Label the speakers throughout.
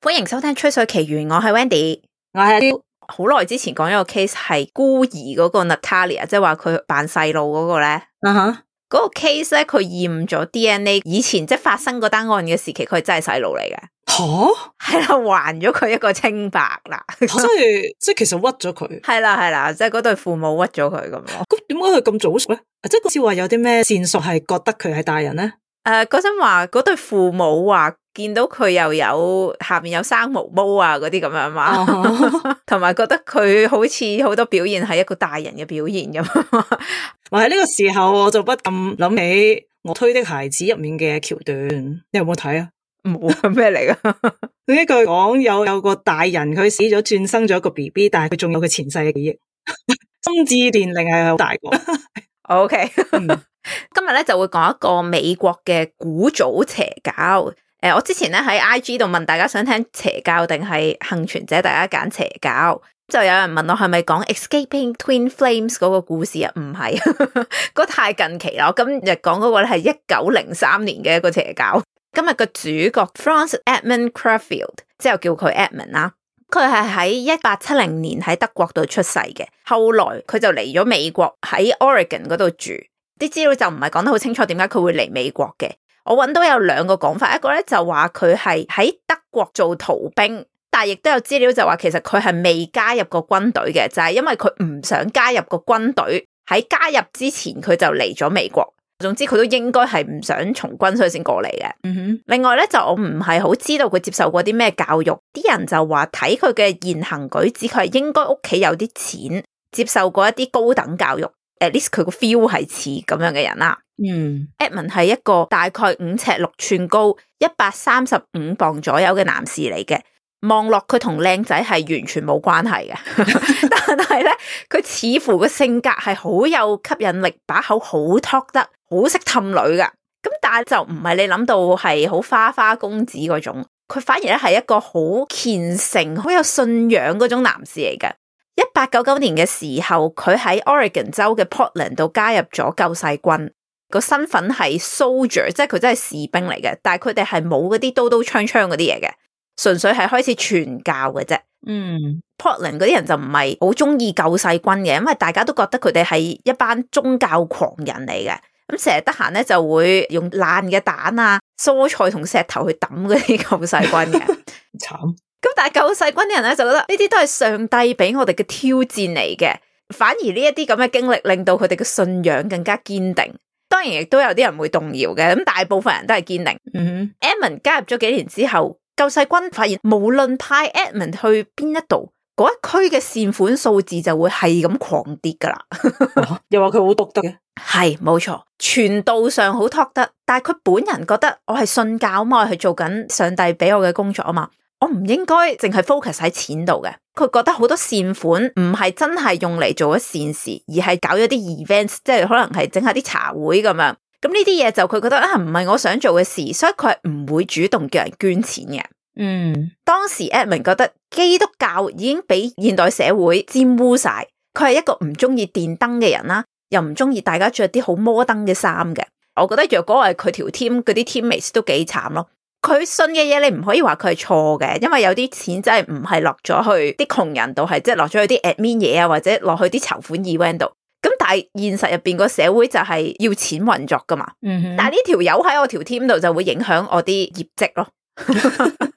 Speaker 1: 歡迎收聽《吹水奇緣》，我係 Wendy，我係 Jill，好耐之前講一個 case，係孤兒嗰個 Natalia，即係話佢扮細路嗰個咧，uh huh. 嗰個 case 咧，佢驗咗 DNA，以前即係發生嗰單案嘅時期，佢真係細路嚟嘅。
Speaker 2: 吓蛤，係啦，還咗佢一個清白啦。 即係即係，其實屈咗佢。係啦係啦，即係嗰對父母屈咗佢咁咯。咁點解佢咁早熟咧？即係好似話有啲咩線索係覺得佢係大人咧？誒，嗰陣話嗰對父母話、啊、見到佢又有下面有
Speaker 1: 生毛毛啊，嗰啲咁樣嘛，同埋、uh huh. 覺得佢好似好多表現係一個大人嘅表現咁。
Speaker 2: 我喺呢個時候，我就不禁諗起我推的孩子入面嘅橋段，你有冇睇啊？冇係咩嚟噶？呢 句講有有個大人佢死咗轉生咗個 BB，但係佢仲有佢前世嘅記憶， 心智年齡係好大個。O K。
Speaker 1: 今日咧就會講一個美國嘅古早邪教。誒、欸，我之前咧喺 I G 度問大家想聽邪教定係幸存者，大家揀邪教，就有人問我係咪講 Escaping Twin Flames 嗰個故事啊？唔係，嗰 太近期啦。我今日講嗰個咧係一九零三年嘅一個邪教。今日個主角 Frances Edmund Crawfield，之後叫佢 Edmund 啦。佢係喺一八七零年喺德國度出世嘅，後來佢就嚟咗美國，喺 Oregon 嗰度住。啲資料就唔係講得好清楚，點解佢會嚟美國嘅？我揾到有兩個講法，一個咧就話佢係喺德國做逃兵，但係亦都有資料就話其實佢係未加入過軍隊嘅，就係因為佢唔想加入個軍隊。喺加入之前，佢就嚟咗美國，總之佢都應該係唔想從軍，所以先過嚟嘅。嗯哼。另外咧，就我唔係好知道佢接受過啲咩教育。啲人就話睇佢嘅言行舉止，佢係應該屋企有啲錢，接受過一啲高等教育。At least 佢個 feel 係似咁樣嘅人啦。嗯 Edmond 係一個大概五尺六寸高、一百三十五磅左右嘅男士嚟嘅。望落佢同靚仔係完全冇關係嘅， 但係咧，佢似乎個性格係好有吸引力，把口好 talk 得好識氹女噶。咁但係就唔係你諗到係好花花公子嗰種，佢反而咧係一個好虔誠、好有信仰嗰種男士嚟嘅。一八九九年嘅時候，佢喺 Oregon 州嘅 Portland 度加入咗救世軍，個身份係 soldier，即係佢真係士兵嚟嘅。但係佢哋係冇嗰啲刀刀槍槍嗰啲嘢嘅，純粹係開始傳教嘅啫。
Speaker 3: 嗯
Speaker 1: ，Portland 嗰啲人就唔係好中意救世軍嘅，因為大家都覺得佢哋係一班宗教狂人嚟嘅。咁成日得閒咧就會用爛嘅蛋啊、蔬菜同石頭去抌嗰啲救世軍嘅， 慘。咁但係救世軍啲人咧就覺得呢啲都係上帝俾我哋嘅挑戰嚟嘅，反而呢一啲咁嘅經歷令到佢哋嘅信仰更加堅定。當然亦都有啲人會動搖嘅，咁大部分人都係堅定。嗯哼，Edmond 加入咗幾年之後，救世軍發現無論派 m Edmond 去邊一度嗰一區嘅善款數字就會係咁狂跌噶啦。 又話佢好篤得嘅，係冇錯，傳道上好 talk 得，但係佢本人覺得我係信教啊嘛，去做緊上帝俾我嘅工作啊嘛。我唔應該淨係 focus 喺錢度嘅，佢覺得好多善款唔係真係用嚟做咗善事，而係搞咗啲 event，s 即係可能係整下啲茶會咁樣。咁呢啲嘢就佢覺得啊，唔係我想做嘅事，所以佢唔會主動叫人捐錢嘅。嗯，當時 At 明覺得基督教已經俾現代社會沾污晒，佢係一個唔中意電燈嘅人啦，又唔中意大家着啲好摩登嘅衫嘅。我覺得若果係佢條 team 嗰啲 teammates 都幾慘咯。佢信嘅嘢，你唔可以話佢係錯嘅，因為有啲錢真係唔係落咗去啲窮人度，係即係落咗去啲 admin 嘢啊，或者落去啲籌款 event 度。咁但係現實入邊個社會就係要錢運作噶嘛。嗯、哼但係呢條友喺我條 team 度就會影響我啲業績咯，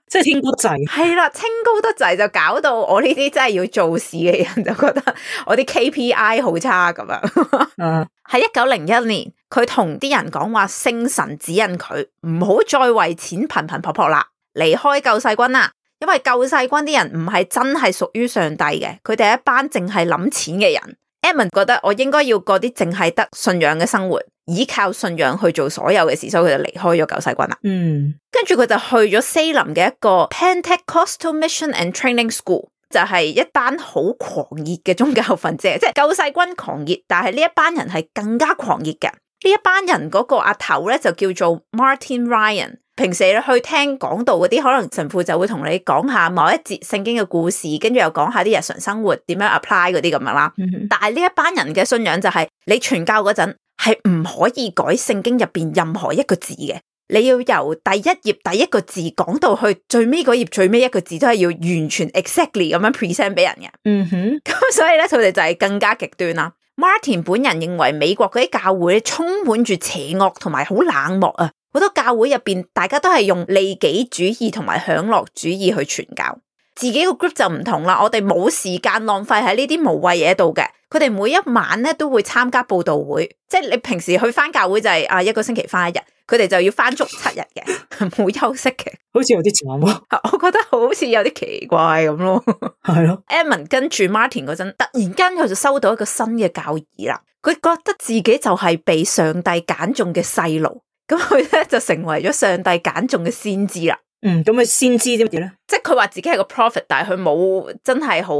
Speaker 1: 即 係 清高得滯。係 啦，清高得滯就搞到我呢啲真係要做事嘅人就覺得我啲 KPI 好差咁樣。喺一九零一年。佢同啲人講話聖神指引佢，唔好再為錢頻頻撲撲啦，離開救世軍啦，因為救世軍啲人唔係真係屬於上帝嘅，佢哋一班淨係諗錢嘅人。Edmund 覺得我應該要過啲淨係得信仰嘅生活，依靠信仰去做所有嘅事，所以佢就離開咗救世軍啦。
Speaker 3: 嗯，
Speaker 1: 跟住佢就去咗西林嘅一個 Pentecostal Mission and Training School，就係一班好狂熱嘅宗教份子，即係救世軍狂熱，但係呢一班人係更加狂熱嘅。呢一班人嗰個阿頭咧就叫做 Martin Ryan。平時你去聽講道嗰啲，可能神父就會同你講下某一節聖經嘅故事，跟住又講下啲日常生活點樣 apply 嗰啲咁樣啦。Mm hmm. 但係呢一班人嘅信仰就係、是、你傳教嗰陣係唔可以改聖經入邊任何一個字嘅。你要由第一頁第一個字講到去最尾嗰頁最尾一個字，都係要完全 exactly 咁樣 present 俾人嘅。嗯哼、mm。咁、hmm. 所以咧，佢哋就係更加極端啦。Martin 本人認為美國嗰啲教會充滿住邪惡同埋好冷漠啊！好多教會入邊，大家都係用利己主義同埋享樂主義去傳教。自己個 group 就唔同啦，我哋冇時間浪費喺呢啲無謂嘢度嘅。佢哋每一晚咧都會參加佈道會，即係你平時去返教會就係、是、啊一個星期返一日，佢哋就要返足七日嘅，冇 休息嘅，
Speaker 2: 好似有啲慘呀我
Speaker 1: 覺得好似有啲奇
Speaker 2: 怪咁咯，係 咯
Speaker 1: 的。Adam 跟住 Martin 嗰陣，突然間佢就收到一個新嘅教義啦，佢覺得自己就係被上帝揀中嘅細路，咁佢咧就成為咗上帝揀中嘅先知啦。嗯，咁佢先知點咧？即係佢話自己係個 prophet，但係佢冇真係好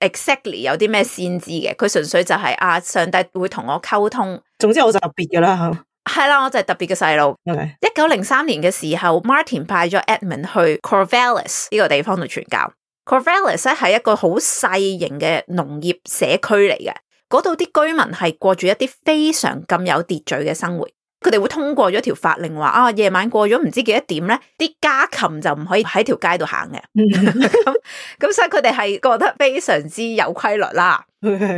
Speaker 1: exactly 有啲咩先知嘅。佢純粹就係啊，上帝會同我溝通。總之
Speaker 2: 我就特別嘅啦，
Speaker 1: 係啦，我就特別嘅細路。OK，一九零三年嘅時候，Martin 派咗 Edmund 去 Corvallis 呢個地方度傳教。Corvallis 咧係一個好細型嘅農業社區嚟嘅，嗰度啲居民係過住一啲非常咁有秩序嘅生活。佢哋會通過咗條法令話啊，夜晚過咗唔知幾多點咧，啲家禽就唔可以喺條街度行嘅。咁 所以佢哋係覺得非常之有規律啦。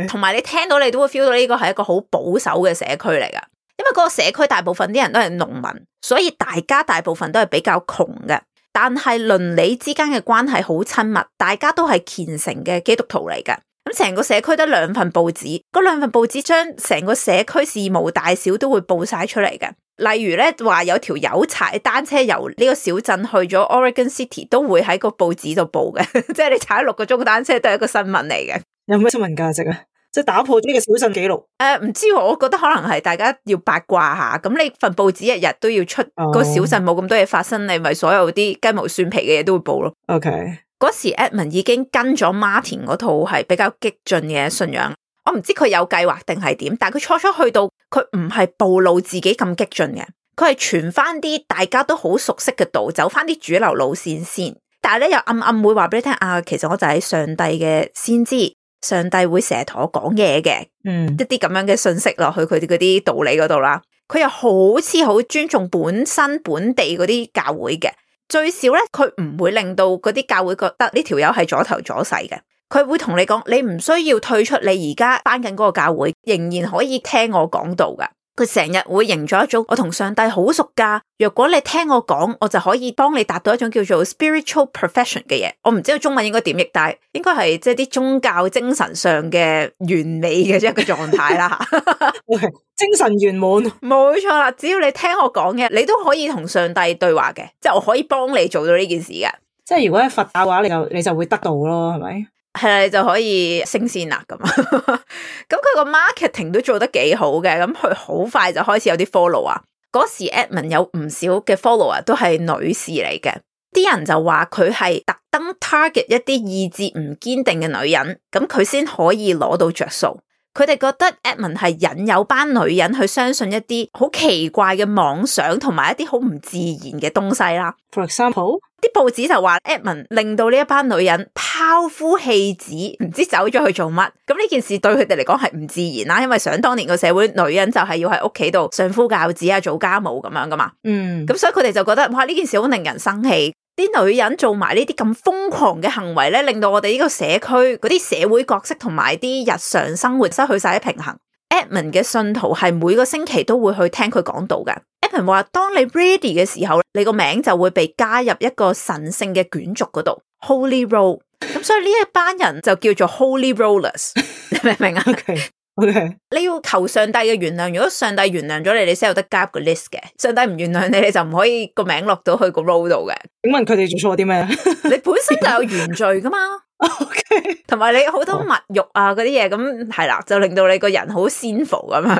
Speaker 1: 同埋 Okay. 你聽到你都會 feel 到呢個係一個好保守嘅社區嚟噶。因為嗰個社區大部分啲人都係農民，所以大家大部分都係比較窮嘅。但係鄰里之間嘅關係好親密，大家都係虔誠嘅基督徒嚟噶。咁成個社區得兩份報紙，嗰兩份報紙將成個社區事務大小都會報晒出嚟嘅。例如咧，話有條友踩單車由呢個小鎮去咗 Oregon City，都會喺個報紙度報嘅。 即係你踩六個鐘嘅單車都係一個新聞嚟嘅。
Speaker 2: 有咩新聞價值啊？即、就、
Speaker 1: 係、是、打破咗呢個小鎮紀錄。誒、呃，唔知、啊，我覺得可能係大家要八卦下。咁你份報紙日日都要出，oh. 個小鎮冇咁多嘢發生，你咪所有啲雞毛蒜皮嘅嘢都會
Speaker 2: 報咯。OK。
Speaker 1: 嗰時 Edmund 已經跟咗 Martin 嗰套係比較激進嘅信仰，我唔知佢有計劃定係點，但係佢初初去到佢唔係暴露自己咁激進嘅，佢係傳翻啲大家都好熟悉嘅道，走翻啲主流路線先，但係咧又暗暗會話俾你聽啊，其實我就喺上帝嘅先知，上帝會成日同我講嘢嘅。嗯，一啲咁樣嘅信息落去佢哋嗰啲道理嗰度啦，佢又好似好尊重本身本地嗰啲教會嘅，最少咧，佢唔會令到嗰啲教會覺得呢條友係左頭左勢嘅，佢會同你講，你唔需要退出你而家翻緊嗰個教會，仍然可以聽我講到噶。佢成日會營造一種我同上帝好熟噶，若果你聽我講，我就可以幫你達到一種叫做 spiritual perfection 嘅嘢。我唔知道中文應該點譯，但係應該係即係啲宗教精神上嘅完美嘅一個狀態啦。 精神圓滿，冇錯啦！只要你聽我講嘅，你都可以同上帝對話嘅，即係我可以幫你做到呢件事嘅。即
Speaker 2: 係如果喺佛教嘅話，你就你就會得道咯，係咪？
Speaker 1: 係啊，你就可以升仙啊咁。咁佢個 marketing 都做得幾好嘅，咁佢好快就開始有啲 follower 啊。嗰時 Edmond 有唔少嘅 follower 啊，都係女士嚟嘅，啲人就話佢係特登 target 一啲意志唔堅定嘅女人，咁佢先可以攞到着數。佢哋覺得 Edmund 係引誘班女人去相信一啲好奇怪嘅妄想，同埋一啲好唔自然嘅東西啦。For example，啲報紙就話 Edmund 令到呢一班女人拋夫棄子，唔知走咗去做乜。咁呢件事對佢哋嚟講係唔自然啦，因為想當年個社會女人就係要喺屋企度相夫教子啊，做家務咁樣噶嘛。嗯，咁所以佢哋就覺得哇，呢件事好令人生氣。啲女人做埋呢啲咁瘋狂嘅行為咧，令到我哋呢個社區嗰啲社會角色同埋啲日常生活失去晒啲平衡。Edmund 嘅信徒係每個星期都會去聽佢講道嘅。Edmund 話：當你 ready 嘅時候，你個名就會被加入一個神聖嘅卷軸嗰度，Holy Roll。咁所以呢一班人就叫做 Holy Rollers，你明唔明啊佢？
Speaker 2: okay. Okay.
Speaker 1: 你要求上帝嘅原諒，如果上帝原諒咗你，你先有得加個 list 嘅。上帝唔原諒你，你就唔可以名個名落到去個 roll 度嘅。
Speaker 2: 請問佢哋做錯啲咩？
Speaker 1: 你本身就有原罪噶嘛？O K，同埋你好多物欲啊，嗰啲嘢咁係啦，就令到你個人好 sinful 咁樣。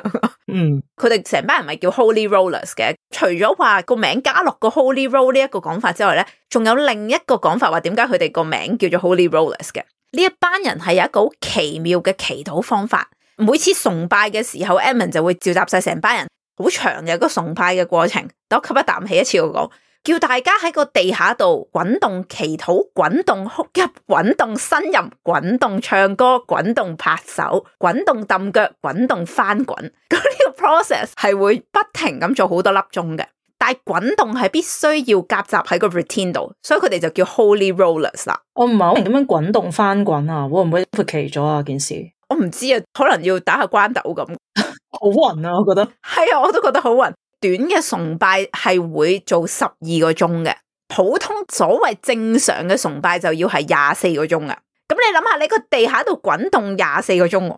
Speaker 1: 嗯，佢哋成班人咪叫 Holy Rollers 嘅？除咗話、er、個名加落個 Holy Roll 呢一個講法之外咧，仲有另一個講法話點解佢哋個名叫做 Holy Rollers 嘅？呢一班人係有一個好奇妙嘅祈禱方法。每次崇拜嘅時候，Edmund 就會召集晒成班人，好長嘅個崇拜嘅過程，我吸一啖氣一次。我講，叫大家喺個地下度滾動祈禱、滾動哭泣、滾動呻吟、滾動唱歌、滾動拍手、滾動揼腳、滾動翻滾。咁 呢個 process 係會不停咁做好多粒鐘嘅，但係滾動係必須要夾雜喺個 routine 度，所以佢哋就叫 Holy
Speaker 2: Rollers 啦。我唔係好明咁樣滾動翻滾啊，會唔會闊奇咗啊？件事。
Speaker 1: 我唔知啊，可能要打下筋斗咁， 好暈啊！我覺得係啊，我都覺得好暈。短嘅崇拜係會做十二個鐘嘅，普通所謂正常嘅崇拜就要係廿四個鐘啊！咁你諗下，你個地下度滾動廿四個鐘，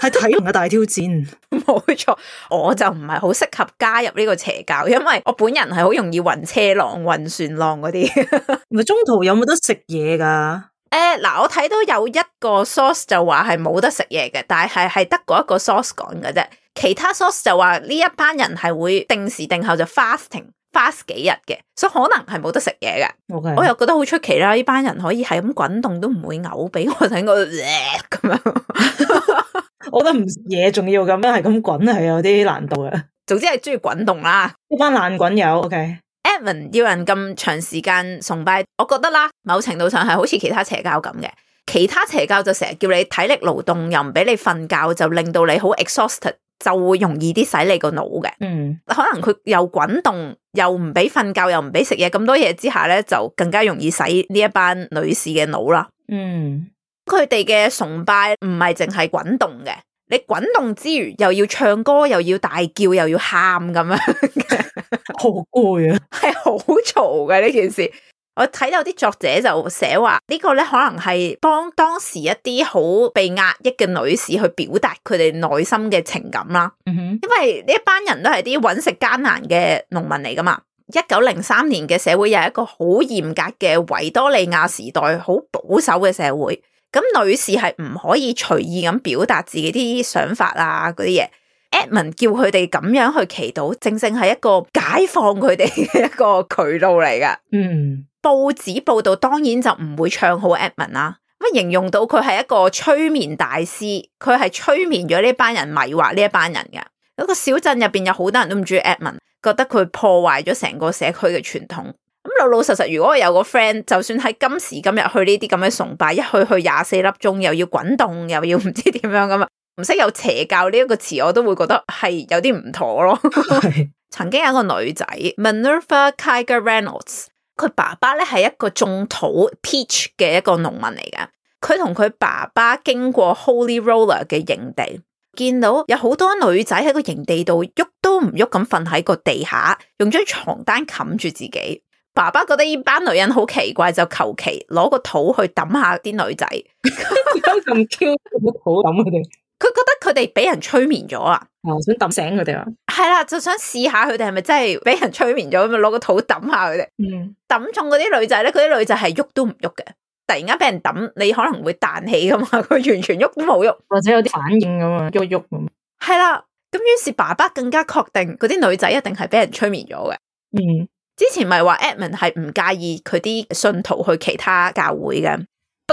Speaker 2: 係體能嘅大挑戰。冇
Speaker 1: 錯， 我就唔係好適合加入呢個邪教，因為我本人係好容易暈車浪、暈船浪嗰啲。唔 係中途有冇
Speaker 2: 得食嘢噶？
Speaker 1: 誒，嗱、欸，我睇到有一個 source 就話係冇得食嘢嘅，但係係得嗰一個 source 講嘅啫，其他 source 就話呢一班人係會定時定候就 fasting fast 幾日嘅，所以可能係冇得食嘢嘅。我 Okay. 我又覺得好出奇啦，呢班人可以係咁滾動都唔會嘔，俾我睇個咁
Speaker 2: 樣，
Speaker 1: 我覺得唔食嘢仲要咁樣係咁滾係有啲難度嘅。總之係中意滾動啦，呢班爛滾友。OK。要人咁長時間崇拜，我覺得啦，某程度上係好似其他邪教咁嘅。其他邪教就成日叫你體力勞動，又唔俾你瞓覺，就令到你好 exhausted，就會容易啲洗你個腦嘅。嗯，可能佢又滾動，又唔俾瞓覺，又唔俾食嘢，咁多嘢之下咧，就更加容易洗呢一班女士嘅腦啦。嗯，佢哋嘅崇拜唔係淨係滾動嘅，你滾動之餘又要唱歌，又要大叫，又要喊咁樣的。
Speaker 2: 好攰啊，
Speaker 1: 係好嘈嘅呢件事。我睇到啲作者就寫話、這個、呢個咧，可能係幫當時一啲好被壓抑嘅女士去表達佢哋內心嘅情感啦。嗯、哼，因為呢一班人都係啲揾食艱難嘅農民嚟噶嘛。一九零三年嘅社會又係一個好嚴格嘅維多利亞時代，好保守嘅社會。咁女士係唔可以隨意咁表達自己啲想法啊，嗰啲嘢。Edmund 叫佢哋咁樣去祈禱，正正係一個解放佢哋嘅一個渠道嚟噶。嗯，報紙報道當然就唔會唱好 Edmund 啦。咁形容到佢係一個催眠大師，佢係催眠咗呢班人，迷惑呢一班人噶。嗰個小鎮入邊有好多人都唔中意 Edmund，覺得佢破壞咗成個社區嘅傳統。咁老老實實，如果我有個 friend，就算喺今時今日去呢啲咁嘅崇拜，一去去廿四粒鐘，又要滾動，又要唔知點樣咁啊！唔識有邪教呢一個詞，我都會覺得係有啲唔妥咯。 曾經有一個女仔 Minerva Kyger Reynolds，佢爸爸咧係一個種土 peach 嘅一個農民嚟嘅。佢同佢爸爸經過 Holy Roller 嘅營地，見到有好多女仔喺個營地度喐都唔喐咁瞓喺個地下，用張床單冚住自己。爸爸覺得呢班女人好奇怪，就求其攞個土去揼下啲女仔。咁咁，用乜土揼佢哋？佢哋俾人催眠咗啊、哦！想揼醒佢哋啊！係啦，就想試下佢哋係咪真係俾人催眠咗，咁咪攞個肚揼下佢哋。揼、嗯、中嗰啲女仔咧，嗰啲女仔係喐都唔喐嘅。突然間俾人揼，你可能會彈起噶嘛？佢完全喐都冇喐，或者有啲反
Speaker 2: 應咁啊？喐喐咁。
Speaker 1: 係啦，咁於是爸爸更加確定嗰啲女仔一定係俾人催眠咗嘅。嗯，之前咪話 Edmond 係唔介意佢啲信徒去其他教會嘅。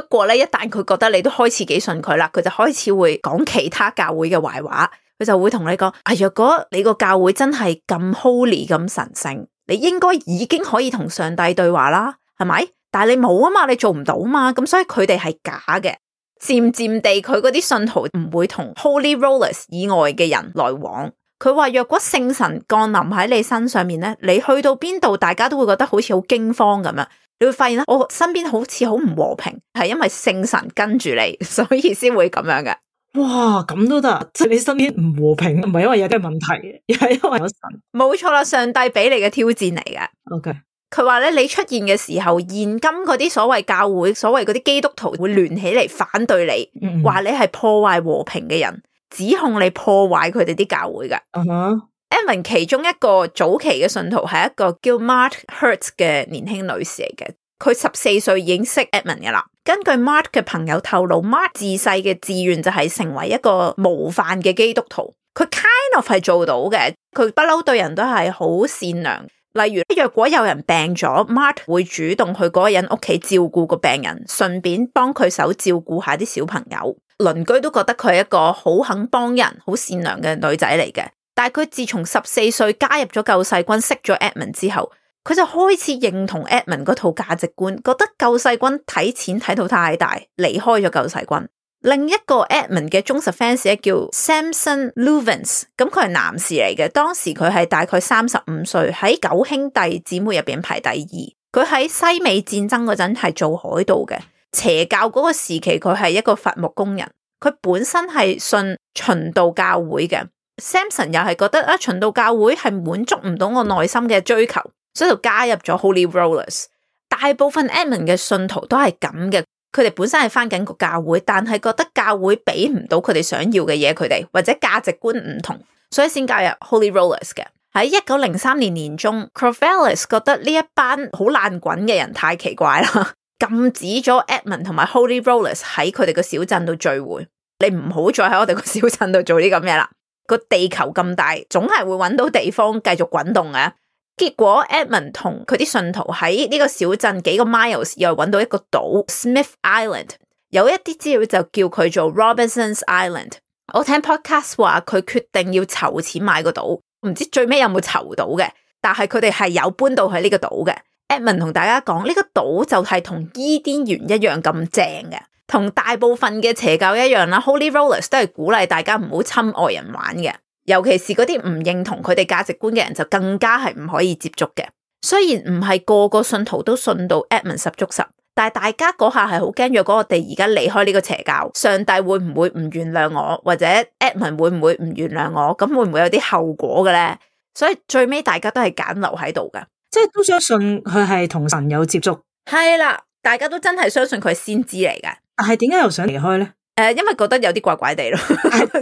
Speaker 1: 不過咧，一旦佢覺得你都開始幾信佢啦，佢就開始會講其他教會嘅壞話，佢就會同你講：啊，若果你個教會真係咁 holy 咁神聖，你應該已經可以同上帝對話啦，係咪？但係你冇啊嘛，你做唔到嘛，咁所以佢哋係假嘅。漸漸地，佢嗰啲信徒唔會同 Holy Rollers 以外嘅人來往。佢話：若果聖神降臨喺你身上面咧，你去到邊度，大家都會覺得好似好驚慌咁樣！你會發現啦，我身邊好似好唔和平，係因為聖神跟住你，所以先會咁樣嘅。
Speaker 2: 哇，咁都得？即係你身邊唔和平唔係因為有啲問題，而係因為有
Speaker 1: 神。冇錯啦，上帝俾你嘅挑戰嚟嘅。OK，佢話咧，你出現嘅時候，現今嗰啲所謂教會、所謂嗰啲基督徒會聯起嚟反對你，話你係破壞和平嘅人，指控你破壞佢哋啲教會嘅。嗯哼、uh。Huh. 艾文其中一個早期嘅信徒係一個叫 Mart Hurts 嘅年輕女士嚟嘅，佢十四歲已經識艾文嘅啦。根據 Mart 嘅朋友透露，Mart 自細嘅志願就係成為一個模範嘅基督徒，佢 kind of 係做到嘅。佢不嬲對人都係好善良，例如若果有人病咗，Mart 會主動去嗰個人屋企照顧個病人，順便幫佢手照顧下啲小朋友。鄰居都覺得佢係一個好肯幫人、好善良嘅女仔嚟嘅。但係佢自從十四歲加入咗救世軍，識咗 Edmund 之後，佢就開始認同 Edmund 嗰套價值觀，覺得救世軍睇錢睇到太大，離開咗救世軍。另一個 Edmund 嘅忠實 fans 叫 Samson Levins，咁佢係男士嚟嘅，當時佢係大概三十五歲，喺九兄弟姊妹入邊排第二。佢喺西美戰爭嗰陣係做海盜嘅，邪教嗰個時期佢係一個伐木工人，佢本身係信循道教會嘅。Samson 又係覺得啊，循道教會係滿足唔到我內心嘅追求，所以就加入咗 Holy Rollers。大部分 Edmund 嘅信徒都係咁嘅，佢哋本身係翻緊個教會，但係覺得教會俾唔到佢哋想要嘅嘢，佢哋或者價值觀唔同，所以先加入 Holy Rollers 嘅。喺一九零三年年中，Corvallis 覺得呢一班好爛滾嘅人太奇怪啦，禁止咗 Edmund 同埋 Holy Rollers 喺佢哋個小鎮度聚會。你唔好再喺我哋個小鎮度做啲咁嘢啦。個地球咁大，總係會搵到地方繼續滾動啊！結果 Edmond 同佢啲信徒喺呢個小鎮幾個 miles 以外搵到一個島 Smith Island，有一啲資料就叫佢做 Robinson's Island。我聽 podcast 話佢決定要籌錢買個島，唔知最尾有冇籌到嘅？但係佢哋係有搬到喺呢個島嘅。Edmond 同大家講呢、這個島就係同伊甸園一樣咁正嘅。同大部分嘅邪教一樣啦，Holy Rollers 都係鼓勵大家唔好侵外人玩嘅，尤其是嗰啲唔認同佢哋價值觀嘅人就更加係唔可以接觸嘅。雖然唔係個個信徒都信到 Edmund 十足十，但係大家嗰下係好驚，若果我哋而家離開呢個邪教，上帝會唔會唔原諒我，或者 Edmund 會唔會唔原諒我？咁會唔會有啲後果嘅咧？所以最尾大家都係揀留喺度嘅，
Speaker 2: 即係都想信佢係同神有接觸。係啦。大家
Speaker 1: 都真係相信佢係先知嚟嘅，
Speaker 2: 但係點解又想離開咧？
Speaker 1: 誒、呃，因為覺得有啲怪怪地咯，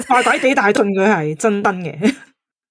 Speaker 2: 怪怪地，但係佢係真真嘅，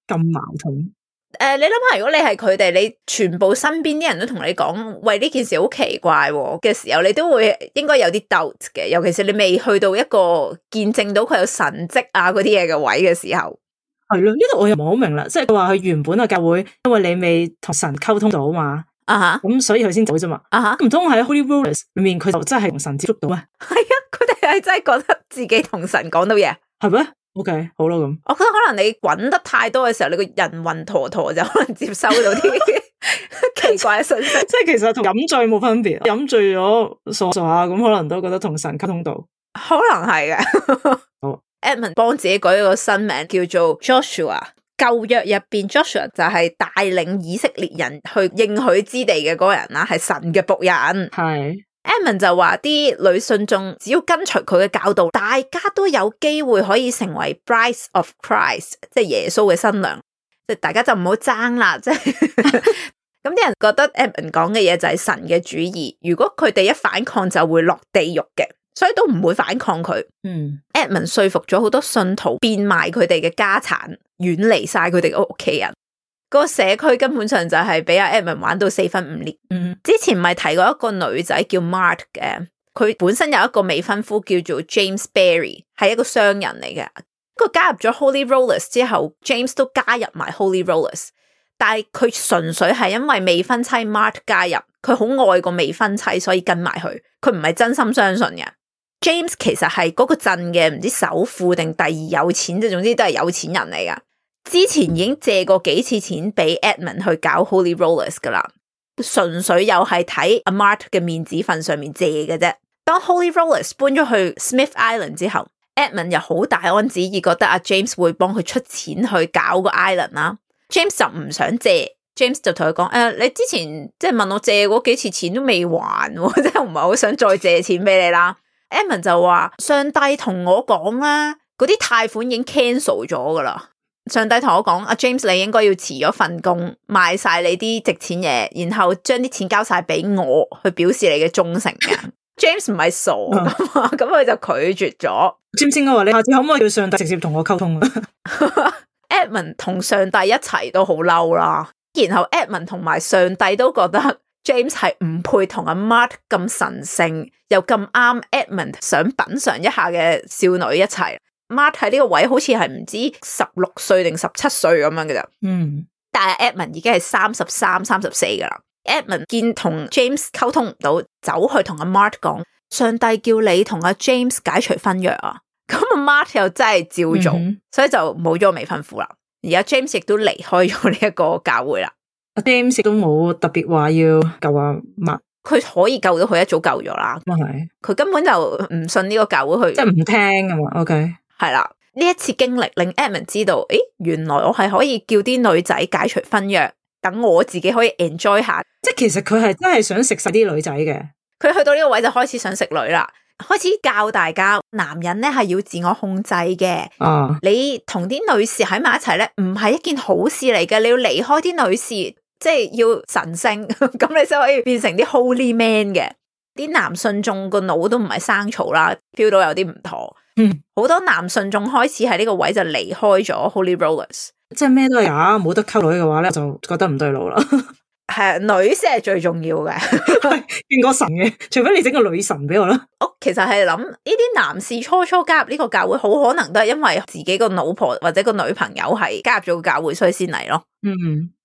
Speaker 2: 咁矛盾。
Speaker 1: 誒、呃，你諗下，如果你係佢哋，你全部身邊啲人都同你講，喂，呢件事好奇怪嘅、哦、時候，你都會應該有啲 doubt 嘅，尤其是你未去到一個見證到佢有神蹟啊嗰啲嘢嘅位嘅時候，
Speaker 2: 係咯，呢度我又唔好明啦，即係佢話佢原本個教會，因為你未同神溝通到嘛。啊哈，咁，uh huh，嗯，所以佢先走啫嘛。啊哈，uh，huh，唔通喺 Holy Rollers 裏面佢就真係同神接觸到咩？係
Speaker 1: 啊，佢哋係真係覺得自己同神講到嘢，
Speaker 2: 係咩？OK，好啦咁。
Speaker 1: 我覺得可能你滾得太多嘅時候，你個人暈陀陀就可能接收
Speaker 2: 到啲 奇怪嘅信息， 即係其實同飲醉冇分別，飲醉咗傻傻下，咁可能都覺得同神溝通到，
Speaker 1: 可能係嘅。 好，Edmond 幫自己改咗個新名，叫做 Joshua。舊約入邊，Joshua 就係帶領以色列人去應許之地嘅嗰個人啦，係神嘅僕人。係 e m a n 就話啲女信眾只要跟隨佢嘅教導，大家都有機會可以成為 Bride of Christ，即係耶穌嘅新娘。即係大家就唔好爭啦，即係咁啲人覺得 e m a n 講嘅嘢就係神嘅主意，如果佢哋一反抗就會落地獄嘅。所以都唔會反抗佢。
Speaker 3: 嗯
Speaker 1: ，Edmund 說服咗好多信徒變賣佢哋嘅家產，遠離晒佢哋個屋企人。個社區根本上就係俾阿 Edmund 玩到四分五裂。嗯，之前咪提過一個女仔叫 Mark 嘅，佢本身有一個未婚夫叫做 James Barry，係一個商人嚟嘅。佢加入咗 Holy Rollers 之後，James 都加入埋 Holy Rollers，但係佢純粹係因為未婚妻 Mark 加入，佢好愛個未婚妻，所以跟埋佢。佢唔係真心相信嘅。James 其實係嗰個鎮嘅唔知首富定第二有錢啫，總之都係有錢人嚟噶。之前已經借過幾次錢俾 Edmond 去搞 Holy Rollers 噶啦，純粹又係睇阿 Mart 嘅面子份上面借嘅啫。當 Holy Rollers 搬咗去 Smith Island 之後，Edmond 又好大安旨意覺得阿 James 會幫佢出錢去搞個 Island 啦。James 就唔想借，James 就同佢講：誒、哎，你之前即係問我借過幾次錢都未還，即真係唔係好想再借錢俾你啦。Edmund 就話上帝同我講啦，嗰啲貸款已經 cancel 咗噶啦。上帝同我講，阿 James 你應該要辭咗份工，賣晒你啲值錢嘢，然後將啲錢交晒俾我，去表示你嘅忠誠嘅。
Speaker 2: James 唔係傻嘛，咁佢、嗯、 就拒絕咗。James 我話你下次可唔可以叫上帝直接同我溝通啊
Speaker 1: ？Edmund 同上帝一齊都好嬲啦，然後 Edmund 同埋上帝都覺得。James 係唔配同阿 Mark 咁神聖又咁啱，Edmund 想品嘗一下嘅少女一齊。Mark 喺呢個位好似係唔知十六歲定十七歲咁樣嘅咋。嗯，但係 Edmund 已經係三十三、三十四噶啦。Edmund 見同 James 溝通唔到，走去同阿 Mark 講：上帝叫你同阿 James 解除婚約啊！咁 阿 Mark 又真係照做，嗯、哼所以就冇咗未婚夫啦。而家 James 亦都離開咗呢一個教會啦。
Speaker 2: g m e 食都冇，特別話要救啊麥，
Speaker 1: 佢可以救到佢一早救咗啦，咁係麼，佢根本就唔信呢個救佢，即係唔聽㗎嘛，OK，係啦，呢一次經歷令 Adam 知道，誒、欸，原來我係可以叫啲女仔解除婚約，等我自己可以 enjoy 下，即係其實佢係真係想食晒啲女仔嘅，佢去到呢個位就開始想食女啦，開始教大家男人咧係要自我控制嘅，嗯，oh. 你同啲女士喺埋一齊咧，唔係一件好事嚟嘅，你要離開啲女士。即係要神聖，咁 你就可以變成啲 Holy Man 嘅。啲男信眾個腦都唔係生草啦，feel 到有啲唔妥。嗯、好多男信眾開始喺呢個位就離開咗 Holy Rollers。
Speaker 2: 即係咩都係啊，冇得溝女嘅話咧，就覺得唔對路啦。 係、
Speaker 1: 啊、女先係最重
Speaker 2: 要嘅，見 過 神嘅，除非你整個女神俾我啦。
Speaker 1: 我、哦、其實係諗呢啲男士初初加入呢個教會，好可能都係因為自己個老婆或者個女朋友係加入咗個教會，所以先嚟咯。嗯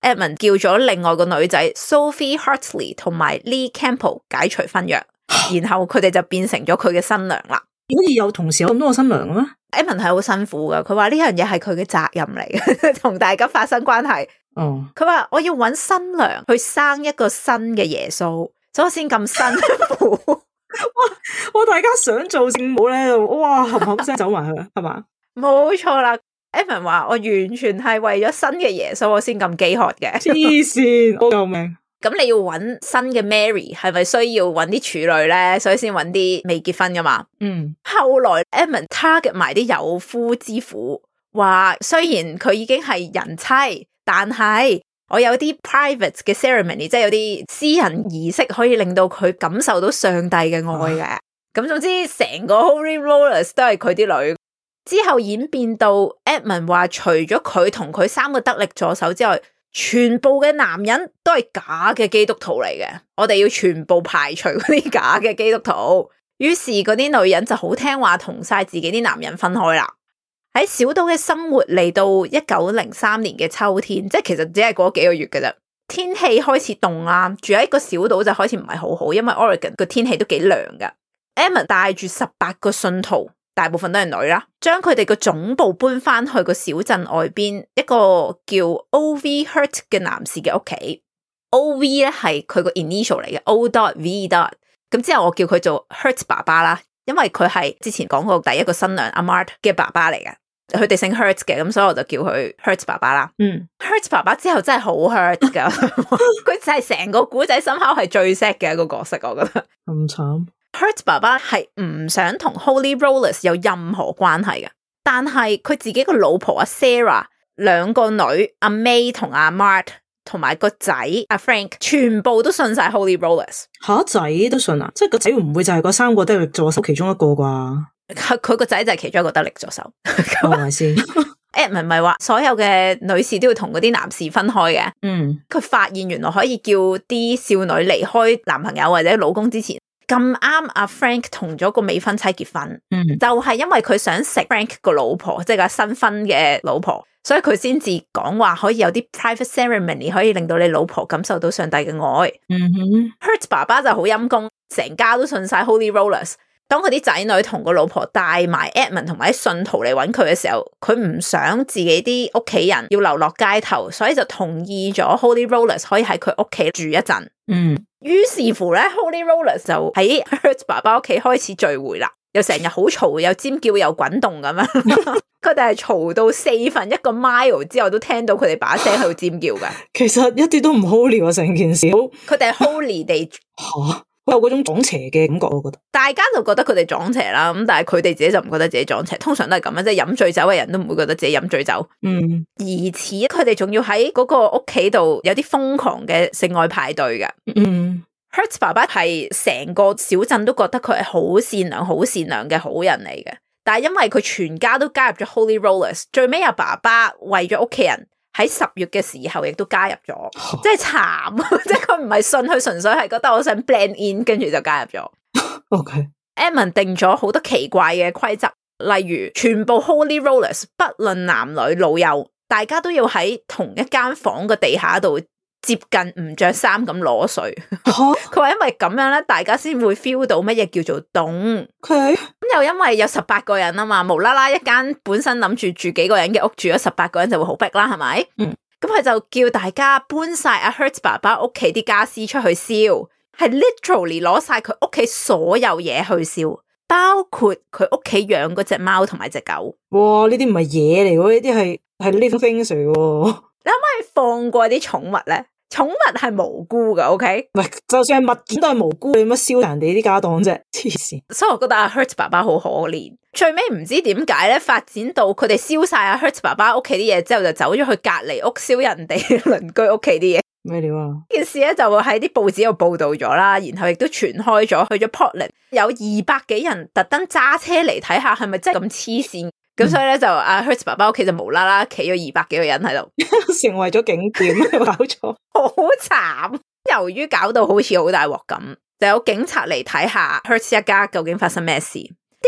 Speaker 1: ，e d m Edmond 叫咗另外個女仔 Sophie Hartley 同埋 Lee Campbell 解除婚約， 然後佢哋就變成咗佢嘅新娘啦。
Speaker 2: 可以有同時有咁多個新娘嘅咩
Speaker 1: ？Edmond 係好辛苦噶，佢話呢樣嘢係佢嘅責任嚟，嘅，同大家發生關係。哦，佢話、oh。我要搵新娘去生一個新嘅耶穌，所以先咁辛苦。
Speaker 2: 哇，我大家想做聖母咧，哇，含含聲走埋去，係嘛？
Speaker 1: 冇錯啦，Evan 話我完全係為咗新嘅耶穌，我先咁飢渴嘅。黐
Speaker 2: 綫，救命！
Speaker 1: 咁你要搵新嘅 Mary，係咪需要搵啲處女咧？所以先搵啲未結婚噶嘛？嗯，後來 Evan target 埋啲有夫之婦，話雖然佢已經係人妻。但係我有啲 private 嘅 ceremony，即係有啲私人儀式可以令到佢感受到上帝嘅愛嘅。咁、oh. 總之，成個 Holy Rollers 都係佢啲女。之後演變到 Edmund 話，除咗佢同佢三個得力助手之外，全部嘅男人都係假嘅基督徒嚟嘅。我哋要全部排除嗰啲假嘅基督徒。於是嗰啲女人就好聽話，同晒自己啲男人分開啦。喺小島嘅生活嚟到一九零三年嘅秋天，即係其實只係過幾個月嘅啦。天氣開始凍啊，住喺一個小島就開始唔係好好，因為 Oregon 個天氣都幾涼噶。Emma 帶住十八個信徒，大部分都係女啦，將佢哋個總部搬翻去個小鎮外邊一個叫 Ov Hurt 嘅男士嘅屋企。Ov 咧係佢個 initial 嚟嘅 O dot V dot，咁之後我叫佢做 Hurt 爸爸啦，因為佢係之前講過第一個新娘 Amart 嘅爸爸嚟嘅。佢哋姓 Hurt 嘅，咁所以我就叫佢 Hurt 爸爸啦。嗯，Hurt 爸爸之後真係好 Hurt 嘅，佢 就係成個古仔心口係最 sad 嘅一個角色，我覺得。咁慘，Hurt 爸爸係唔想同 Holy Rollers 有任何關係嘅，但係佢自己個老婆啊 Sarah、兩個女阿 May 同阿 Mart 同埋個仔阿 Frank 全部都信晒 Holy Rollers。
Speaker 2: 吓仔都信啊？即係個仔唔會就係、是、嗰三個都係做其中一個啩？
Speaker 1: 佢佢個仔就係其中一個得力助手，
Speaker 2: 咁話先。
Speaker 1: 誒，唔係話所有嘅女士都要同嗰啲男士分開嘅。嗯，佢發現原來可以叫啲少女離開男朋友或者老公之前咁啱。阿 Frank 同咗個未婚妻結婚，嗯，就係因為佢想食 Frank 個老婆，即係個新婚嘅老婆，所以佢先至講話可以有啲 private ceremony 可以令到你老婆感受到上帝嘅愛。Hurt 爸爸就好陰公，成家都信晒 Holy Rollers。當佢啲仔女同個老婆帶埋 Edmond 同埋啲信徒嚟搵佢嘅時候，佢唔想自己啲屋企人要流落街頭，所以就同意咗 Holy Rollers 可以喺佢屋企住一陣。嗯，於是乎咧，Holy Rollers 就喺 Hertz 爸爸屋企開始聚會啦，又成日好嘈，又尖叫，又滾動咁樣。佢哋係嘈到四分一個 mile 之後都聽到佢哋把聲喺度尖叫嘅。
Speaker 2: 其實一啲都唔 Holy 啊，成件事。佢哋係 Holy 地吓。 有嗰種撞邪嘅感覺，我覺得
Speaker 1: 大家就覺得佢哋撞邪啦，咁但係佢哋自己就唔覺得自己撞邪，通常都係咁啦，即係飲醉酒嘅人都唔會覺得自己飲醉酒，
Speaker 2: 嗯，
Speaker 1: 而此佢哋仲要喺嗰個屋企度有啲瘋狂嘅性愛派對嘅，
Speaker 3: 嗯
Speaker 1: ，Hurt 爸爸係成個小鎮都覺得佢係好善良、好善良嘅好人嚟嘅，但係因為佢全家都加入咗 Holy Rollers，最尾阿爸爸為咗屋企人。喺十月嘅時候亦都加入咗，即係慘！即係佢唔係信佢，純粹係覺得我想 blend in，跟住就加入咗。O K，e m o n 定咗好多奇怪嘅規則，例如全部 Holy Rollers 不論男女老幼，大家都要喺同一間房嘅地下度，接近唔着衫咁攞水，佢 話因為咁樣咧，大家先會 feel 到乜嘢叫做凍。咁 Okay. 又因為有十八個人啊嘛，無啦啦一間本身諗住住幾個人嘅屋，住咗十八個人就會好逼啦，係咪？咁佢、嗯、就叫大家搬晒阿 Hurt 爸爸屋企啲家私出去燒，係 literally 攞晒佢屋企所有嘢去燒，包括佢屋企養嗰隻貓同埋隻狗。
Speaker 2: 哇！呢啲唔係嘢嚟，呢啲係係呢種 fancy。
Speaker 1: 你可唔可以放過啲寵物咧？寵物係無辜噶，OK？唔係，
Speaker 2: 就算係物件都係無辜，你乜燒人哋啲家當啫？
Speaker 1: 黐線！所以我覺得阿 Hertz 爸爸好可憐。最尾唔知點解咧，發展到佢哋燒晒阿 Hertz 爸爸屋企啲嘢之後，就走咗去隔籬屋燒人哋鄰 居屋企啲嘢。咩料啊？件事咧就會喺啲報紙度報道咗啦，然後亦都傳開咗去咗 Portland，有二百幾人特登揸車嚟睇下係咪真係咁黐線。咁、嗯、所以咧就阿、啊、Hurt 爸爸屋企就無啦啦企咗二百幾個人喺度，
Speaker 2: 成為咗景點，搞錯
Speaker 1: 好慘。由於搞到好似好大鑊咁，就有警察嚟睇下 Hurt 一家究竟發生咩事。啲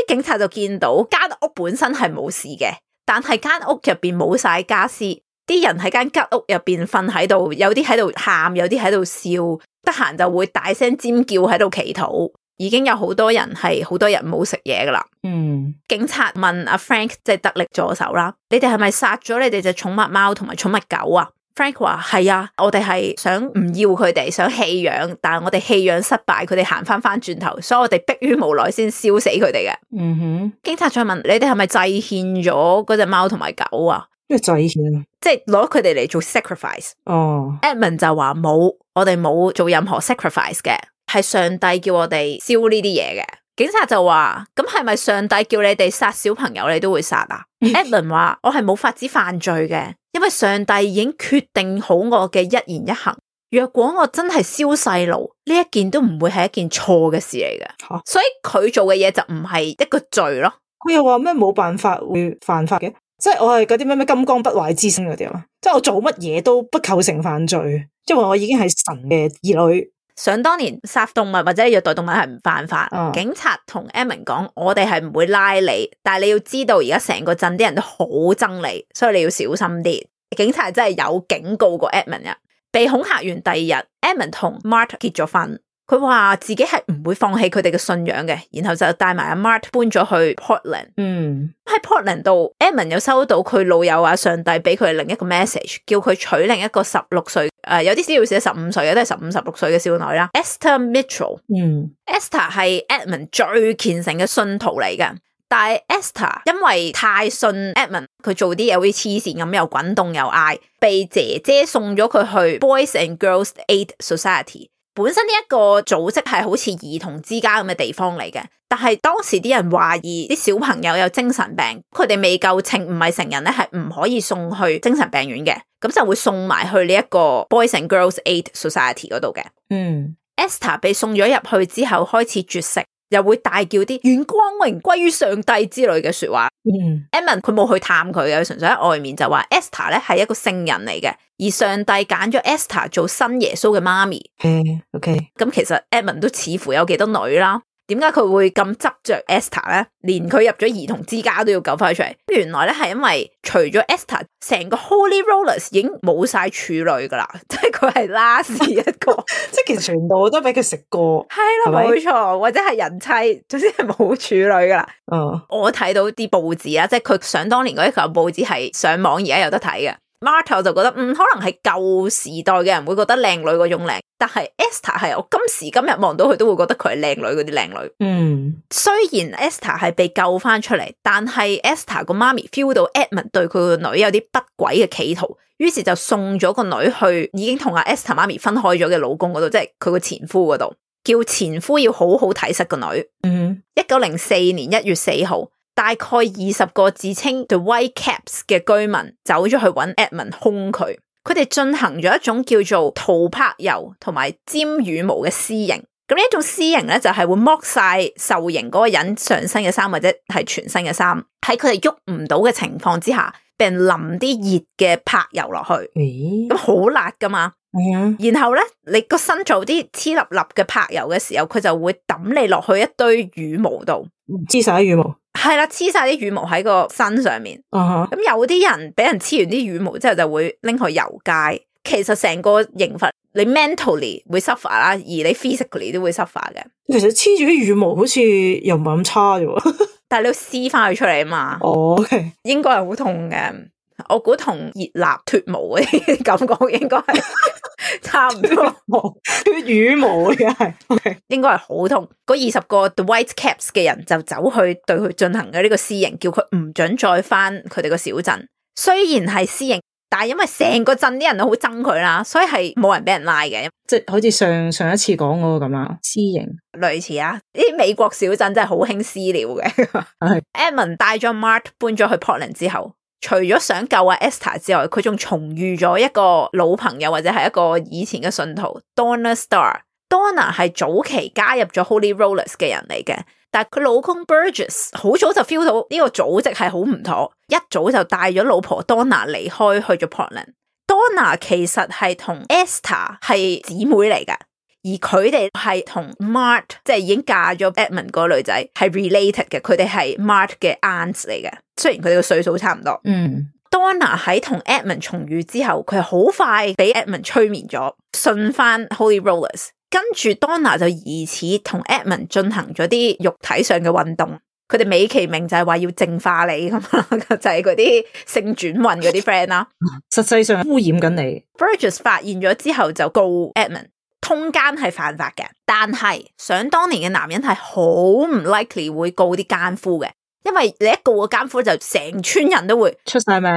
Speaker 1: 警察就見到間屋本身係冇事嘅，但係間屋入邊冇晒家私，啲人喺間吉屋入邊瞓喺度，有啲喺度喊，有啲喺度笑，得閒就會大聲尖叫喺度祈禱。已經有好多人係好多日冇食嘢噶啦。嗯、mm，hmm. 警察問阿、啊、Frank 即係得力助手啦，你哋係咪殺咗你哋隻寵物貓同埋寵物狗啊？Frank 話係啊，我哋係想唔要佢哋，想棄養，但係我哋棄養失敗，佢哋行翻翻轉頭，所以我哋迫於無奈先燒死佢哋嘅。嗯哼、mm，hmm. 警察再問你哋係咪祭獻咗嗰隻貓同埋狗啊？
Speaker 2: 咩祭獻啊？
Speaker 1: 即係攞佢哋嚟做 sacrifice。哦 Edmond 就話冇，我哋冇做任何 sacrifice 嘅。係上帝叫我哋燒呢啲嘢嘅，警察就話：咁係咪上帝叫你哋殺小朋友，你都會殺啊 ？Adam 話：我係冇法子犯罪嘅，因為上帝已經決定好我嘅一言一行。若果我真係燒細路，呢一件都唔會係一件錯嘅事嚟嘅。啊、
Speaker 2: 所以佢做嘅嘢就唔係一個罪咯。佢又話咩冇辦法會犯法嘅，即係我係嗰啲咩咩金剛不壞之身嗰啲啊嘛？即係我做乜嘢都不構成犯罪，即因為我已經係神嘅兒女。想當年殺動物或者虐待動物係唔犯法的，oh. 警
Speaker 1: 察同 Edmond 講，我哋係唔會拉你，但係你要知道而家成個鎮啲人都好憎你，所以你要小心啲。警察真係有警告過 Edmond 呀、啊。被恐嚇完第二日，Edmond 同 Martin 結咗婚。佢話自己係唔會放棄佢哋嘅信仰嘅，然後就帶埋阿 Mark 搬咗去 Portland。嗯、mm.，喺 Portland 度 Edmund 有收到佢老友話、啊、上帝俾佢另一個 message，叫佢娶另一個十六歲誒、呃，有啲資料寫十五歲嘅，都係十五十六歲嘅少女啦。Mm. Esther Mitchell，嗯，Esther 係 Edmund 最虔誠嘅信徒嚟嘅，但 Esther 因為太信 Edmund 佢做啲嘢會黐線咁，又滾動又嗌，被姐姐送咗佢去 Boys and Girls Aid Society。本身呢一個組織係好似兒童之家咁嘅地方嚟嘅，但係當時啲人懷疑啲小朋友有精神病，佢哋未夠秤，唔係成人咧，係唔可以送去精神病院嘅，咁就會送埋去呢一個 Boys and Girls Aid Society 嗰度嘅。嗯，Esther 被送咗入去之後，開始絕食。又會大叫啲願光榮歸於上帝之類嘅說話。嗯，Edmund 佢冇去探佢嘅，佢純粹喺外面就話 Esther 咧係一個聖人嚟嘅，而上帝揀咗 Esther 做新耶穌嘅媽咪。
Speaker 2: Mm hmm. OK，
Speaker 1: 咁其實 Edmund 都似乎有幾多女啦。點解佢會咁執着 Esther 咧？連佢入咗兒童之家都要救翻佢出嚟。原來咧係因為除咗 Esther，成個 Holy Rollers 已經冇晒處女噶啦，即係佢係 last 一個， 即係其實全部都俾佢食過。係啦，冇錯，或者係人妻，總之係冇處女噶啦。嗯，oh. 我睇到啲報紙啦，即係佢想當年嗰啲舊報紙係上網而家有得睇嘅。Marta 就覺得嗯，可能係舊時代嘅人會覺得靚女嗰種靚，但係 Esther 係我今時今日望到佢都會覺得佢係靚女嗰啲靚女。嗯，雖然 Esther 係被救翻出嚟，但係 Esther 個媽咪 feel 到 Edmond 對佢個女有啲不軌嘅企圖，於是就送咗個女去已經同阿 Esther 媽咪分開咗嘅老公嗰度，即係佢個前夫嗰度，叫前夫要好好睇實個女。嗯，一九零四年一月四號。大概二十個自稱 The White Caps 嘅居民走咗去揾 Edmond 兇佢，佢哋進行咗一種叫做塗柏油同埋沾羽毛嘅私刑。咁呢一種私刑咧就係、是、會剝晒受刑嗰個人上身嘅衫或者係全身嘅衫，喺佢哋喐唔到嘅情況之下，俾人淋啲熱嘅柏油落去。咦？咁好辣噶嘛？咦然後咧，你個身做啲黐立立嘅柏油嘅時候，佢就會抌你落去一堆羽毛度，
Speaker 2: 沾晒羽毛。
Speaker 1: 係啦，黐晒啲羽毛喺個身上面。咁、uh huh. 嗯、有啲人俾人黐完啲羽毛之後，就會拎去遊街。其實成個刑罰，你 mentally 會 suffer 啦，而你 physically 都會 suffer 嘅。
Speaker 2: 其實黐住啲羽毛好似又唔係咁差啫。
Speaker 1: 但係你要撕翻佢出嚟啊嘛，oh, okay. 應該係好痛嘅。我估同熱蠟脱毛啲感覺應該係差唔多，脱羽毛嘅係，應該係好痛。嗰二十個 White Caps 嘅人就走去對佢進行嘅呢個私刑，叫佢唔准再返佢哋個小鎮。雖然係私刑，但係因為成個鎮啲人都好憎佢啦，所以係冇人俾人拉
Speaker 2: 嘅。即係好似上上一次講嗰個咁啦，私刑
Speaker 1: 類似啊！呢啲美國小鎮真係好興私了嘅。Edmund 帶咗 Mark 搬咗去 Portland 之後。除咗想救阿 Esther 之外，佢仲重遇咗一個老朋友，或者係一個以前嘅信徒 Donna Starr。Donna 係早期加入咗 Holy Rollers 嘅人嚟嘅，但係佢老公 Burgess 好早就 feel 到呢個組織係好唔妥，一早就帶咗老婆 Donna 離開去咗 Portland。Donna 其實係同 Esther 係姊妹嚟嘅。而佢哋係同 Mart 即係已經嫁咗 Edmund 嗰個女仔係 related 嘅，佢哋係 Mart 嘅 aunt 嚟嘅。雖然佢哋個歲數差唔多。嗯，Donna 喺同 Edmund 重遇之後，佢好快俾 Edmund 催眠咗，信翻 Holy Rollers。跟住 Donna 就疑似同 Edmund 進行咗啲肉體上嘅運動。佢哋美其名就係話要淨化你咁 啊，就係嗰啲性轉運嗰啲 friend 啦。
Speaker 2: 實際上污染緊你。
Speaker 1: Burgess 發現咗之後就告 Edmund 通姦係犯法嘅，但係想當年嘅男人係好唔 likely 會告啲奸夫嘅，因為你一告個奸夫就成村人都會出晒名，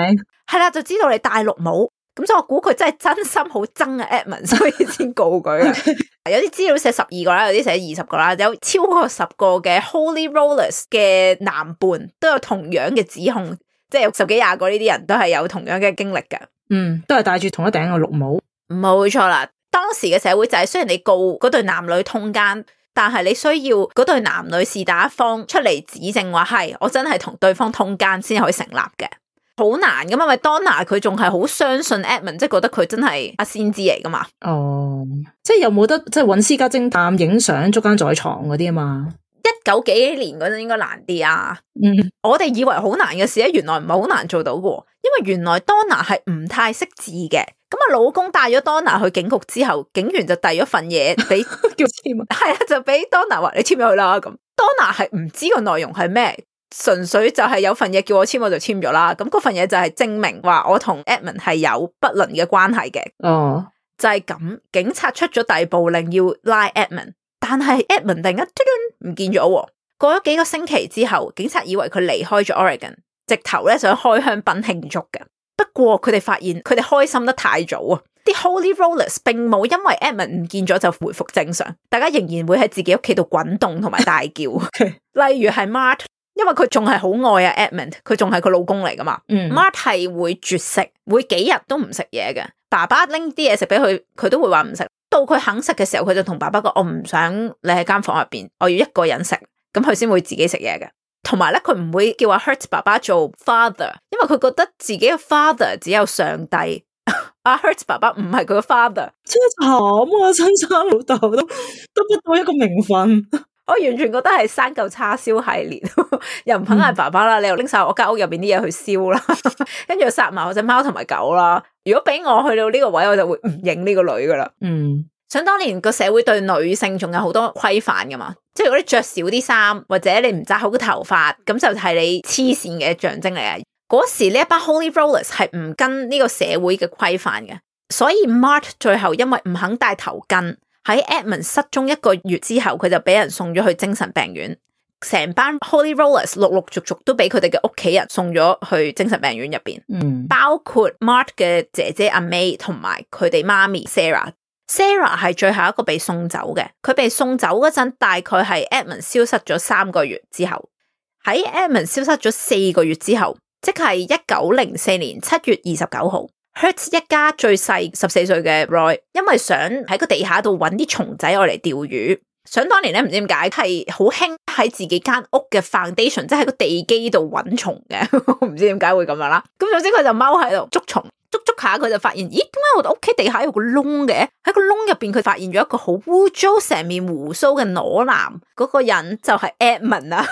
Speaker 1: 係啦，就知道你戴綠帽。咁所以我估佢真係真心好憎嘅 Edmund 所以先告佢。 有啲資料寫十二個啦，有啲寫二十個啦，有超過十個嘅 Holy Rollers 嘅男伴都有同樣嘅指控，即係有十幾廿個呢啲人都係有同樣嘅經歷嘅。嗯，
Speaker 2: 都係戴住同一頂嘅綠帽，冇錯啦。
Speaker 1: 當時嘅社會就係雖然你告嗰對男女通奸，但係你需要嗰對男女是打一方出嚟指證話係我真係同對方通奸先可以成立嘅，好難噶嘛？因為 Donna 佢仲係好相信 Edmond 即係覺得佢真係阿先知嚟噶嘛？
Speaker 2: 哦、oh,，即係有冇得即係搵私家偵探影相捉奸在床嗰啲啊嘛？
Speaker 1: 一九幾年嗰陣應該難啲啊，嗯，mm. 我哋以為好難嘅事咧，原來唔係好難做到過。因為原來 Donna 係唔太識字嘅，咁啊，老公帶咗 Donna 去警局之後，警員就遞咗份嘢俾， 叫簽我啊，係啊， 就俾 Donna 話你簽咗佢啦。咁 Donna 係唔知個內容係咩，純粹就係有份嘢叫我簽，我就簽咗啦。咁嗰份嘢就係證明話我同 Edmond 係有不倫嘅關係嘅。哦、
Speaker 3: uh，huh.
Speaker 1: 就係咁，警察出咗第一步，令要拉 Edmond 但係 Edmond 突然間唔見咗、啊，過咗幾個星期之後，警察以為佢離開咗 Oregon。直頭咧想開香檳慶祝嘅，不過佢哋發現佢哋開心得太早啊！啲 Holy Rollers 並冇因為 Edmund 唔見咗就回復正常，大家仍然會喺自己屋企度滾動同埋大叫。 例如係 Mart 因為佢仲係好愛啊 Edmund，佢仲係佢老公嚟噶嘛。嗯、Mart 係會絕食，會幾日都唔食嘢嘅。爸爸拎啲嘢食俾佢，佢都會話唔食。到佢肯食嘅時候，佢就同爸爸講：我唔想你喺間房入邊，我要一個人食，咁佢先會自己食嘢嘅。同埋咧，佢唔會叫阿 Hurt 爸爸做 father，因為佢覺得自己嘅 father 只有上帝。阿、 啊、Hurt 爸爸唔係佢嘅 father，
Speaker 2: 真慘啊！親生老豆都得不到一個名分， 我完全覺得係
Speaker 1: 生嚿叉燒系列， 又唔肯嗌爸爸啦，嗯、你又拎晒我間屋入邊啲嘢去燒啦，跟 住又殺埋我隻貓同埋狗啦。如果俾我去到呢個位，我就會唔認呢個女噶啦。嗯。想當年個社會對女性仲有好多規範噶嘛，即係如果你着少啲衫或者你唔紮好個頭髮，咁就係你黐線嘅象徵嚟嘅。嗰時呢一班 Holy Rollers 係唔跟呢個社會嘅規範嘅，所以 Mark 最後因為唔肯戴頭巾，喺 Edmund 失蹤一個月之後，佢就俾人送咗去精神病院。成班 Holy Rollers 陸陸續續都俾佢哋嘅屋企人送咗去精神病院入邊，
Speaker 3: 嗯，包
Speaker 1: 括 Mark 嘅姐姐阿 May 同埋佢哋媽咪 Sarah。Sarah 係最後一個被送走嘅，佢被送走嗰陣，大概係 Edmund 消失咗三個月之後，喺 Edmund 消失咗四個月之後，即係一九零四年七月二十九號，Hurt 一家最細十四歲嘅 Roy 因為想喺個地下度搵啲蟲仔我嚟釣魚，想當年咧，唔知點解係好興喺自己間屋嘅 foundation，即係個地基度搵蟲嘅，唔 知點解會咁樣啦。咁總之佢就踎喺度捉蟲。下，佢就發現，咦？點解我哋屋企地下有個窿嘅？喺個窿入邊，佢發現咗一個好污糟成面鬍鬚嘅裸男，嗰、那個人就係 Edmond 啊！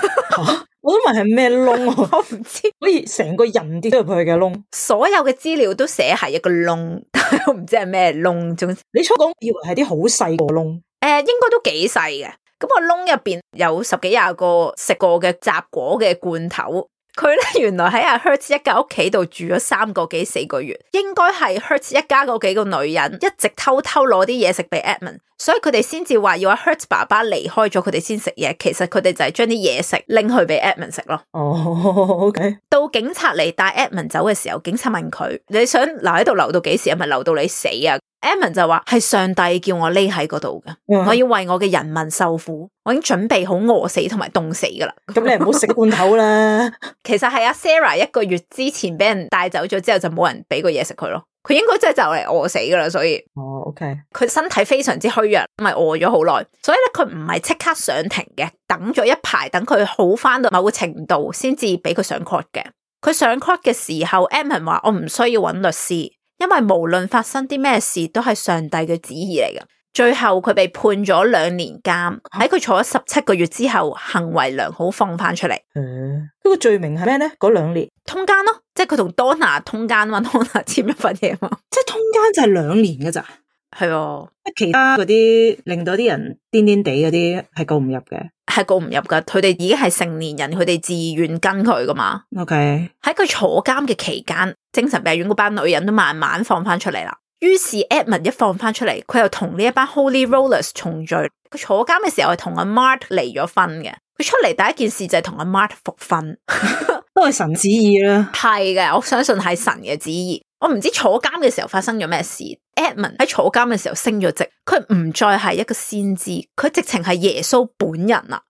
Speaker 2: 我都問係咩窿， 我唔知，好似成個人啲都入去
Speaker 1: 嘅窿。所有嘅資料都寫係一個窿，但我唔知係咩窿。仲你初
Speaker 2: 講以為係啲好細個窿，
Speaker 1: 誒，應該都幾細嘅。咁個窿入邊有十幾廿個食過嘅雜果嘅罐頭。佢呢原來喺阿 Hertz 一家屋企度住咗三個幾四個月，應該係 Hertz 一家嗰幾個女人一直偷偷攞啲嘢食俾 Edmund，所以佢哋先至話要阿 Hertz 爸爸離開咗佢哋先食嘢，其實佢哋就係將啲嘢食拎去俾 Edmund 食咯。哦，oh, OK。到警察嚟帶 Edmund 走嘅時候，警察問佢：你想留喺度留到幾時？係咪留到你死啊？m 艾 n 就話係，上帝叫我匿喺嗰度嘅，嗯、我要為我嘅人民受苦，我已經準備好餓死同埋凍死噶啦。咁 你唔好食罐頭啦。 其實係阿 Sarah 一個月之前俾人帶走咗之後就冇人俾個嘢食佢咯，佢應該真係就嚟餓死噶啦。所以哦，OK，佢身體非常之虛弱，咁係餓咗好耐，所以咧佢唔係即刻上庭嘅，等咗一排，等佢好返到某個程度先至俾佢上 court 嘅。佢上 court 嘅時候，m 艾 n 話，我唔需要揾律師。因為無論發生啲咩事，都係上帝嘅旨意嚟嘅。最後佢被判咗兩年監，喺佢坐咗十七個月之後，行為良好放翻出嚟。誒，呢個罪名係咩呢？嗰兩年通奸咯，即係佢同 Donna 通奸嘛，Donna 簽一份嘢嘛，即係通奸就係兩年嘅咋。
Speaker 2: 係啊，其他嗰啲令到啲人癲癲地嗰啲係告唔入嘅。係告唔入
Speaker 1: 噶，佢哋已經係成年人，佢哋自願跟佢噶嘛。OK，喺佢坐監嘅期間，精神病院嗰班女人都慢慢放翻出嚟啦。於是 Edmund 一放翻出嚟，佢又同呢一班 Holy Rollers 重聚。佢坐監嘅時候係同阿 Mark 離咗婚嘅，佢出嚟第一件事就係同阿 Mark 復婚， 都係神旨意啦。係嘅，我相信係神嘅旨意。我唔知坐監嘅時候發生咗咩事。Edmund 喺坐監嘅時候升咗職，佢唔再係一個先知，佢直情係耶穌本人啊！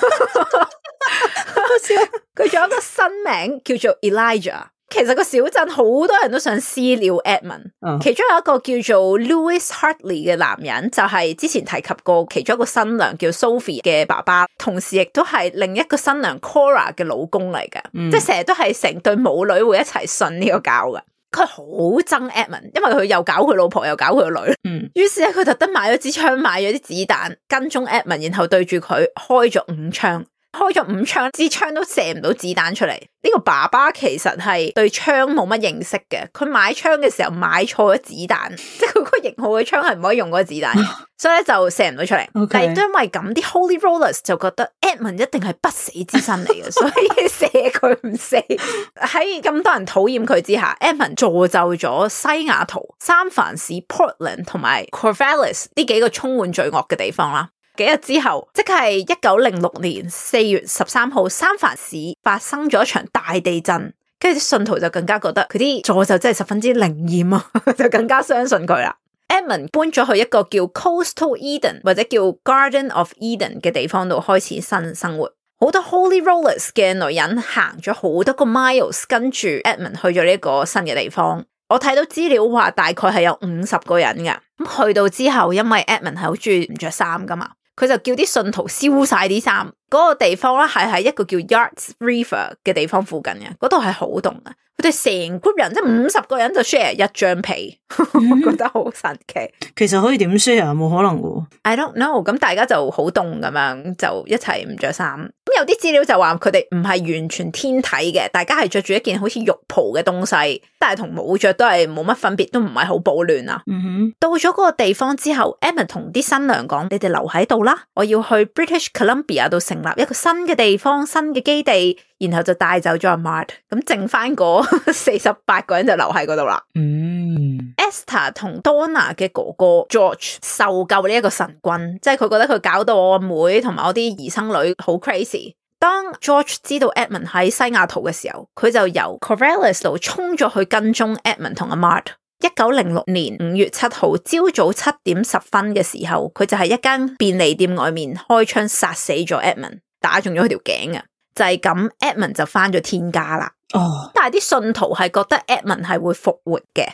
Speaker 1: 好笑佢仲 有一個新名叫做 Elijah。其實個小鎮好多人都想私了 Edmond 嗯，oh. 其中有一個叫做 Louis Hartley 嘅男人，就係、是、之前提及過其中一個新娘叫 Sophie 嘅爸爸，同時亦都係另一個新娘 Cora 嘅老公嚟嘅。Mm. 即係成日都係成對母女會一齊信呢個教噶。佢好憎 Edmund 因為佢又搞佢老婆，又搞佢個女兒。嗯，於是咧佢特登買咗支槍，買咗啲子彈，跟蹤 Edmund，然後對住佢開咗五槍。開咗五槍，支槍都射唔到子彈出嚟。呢、呢個爸爸其實係對槍冇乜認識嘅，佢買槍嘅時候買錯咗子彈，即係佢嗰個型號嘅槍係唔可以用嗰個子彈， 所以咧就射唔到出嚟。Okay. 但係都因為咁，啲 Holy Rollers 就覺得 Edmund 一定係不死之身嚟嘅，所以射佢唔死。喺 咁 多人討厭佢之下，Edmund 造就咗西雅圖、三藩市、Portland 同埋 Corvallis 呢幾個充滿罪惡嘅地方啦。幾日之後，即係一九零六年四月十三號，三藩市發生咗一場大地震，跟住信徒就更加覺得佢啲助手真係十分之靈驗啊， 就更加相信佢啦。 Edmund 搬咗去一個叫 Coastal Eden 或者叫 Garden of Eden 嘅地方度開始新生活。好多 Holy Rollers 嘅女人行咗好多個 miles，跟住 Edmund 去咗呢一個新嘅地方。我睇到資料話，大概係有五十個人噶。咁去到之後，因為 Edmund 係好中意唔着衫噶嘛。佢就叫啲信徒燒晒啲衫，嗰、那個地方咧係喺一個叫 Yards River 嘅地方附近嘅，嗰度係好凍嘅。佢哋成 group 人即係五十個人就 share 一張被， 我覺得好神奇、嗯。
Speaker 2: 其實可以點 share？冇可能噶。
Speaker 1: I don't know。咁大家就好凍咁樣，就一齊唔着衫。有啲資料就話佢哋唔係完全天體嘅，大家係着住一件好似浴袍嘅東西，但係同冇着都係冇乜分別，都唔係好保暖啊。Mm hmm. 到咗嗰個地方之後，Emma 同啲新娘講，你哋留喺度啦，我要去 British Columbia 度成立一個新嘅地方、新嘅基地，然後就帶走咗阿 Martin。咁剩翻嗰四十八個人就留喺嗰度啦。嗯、
Speaker 3: mm。Hmm.
Speaker 1: Esther 同 Donna 嘅哥哥 George 受夠呢一個神棍，即係佢覺得佢搞到我阿妹同埋我啲兒生女好 crazy。當 George 知道 Edmund 喺西雅圖嘅時候，佢就由 Corvallis 路衝咗去跟蹤 Edmund 同阿 Mark。一九零六年五月七號朝早七點十分嘅時候，佢就喺一間便利店外面開槍殺死咗 Edmund，打中咗佢條頸啊！就係咁，Edmund 就翻咗天家啦。哦，oh. 但係啲信徒係覺得 Edmund 係會復活嘅，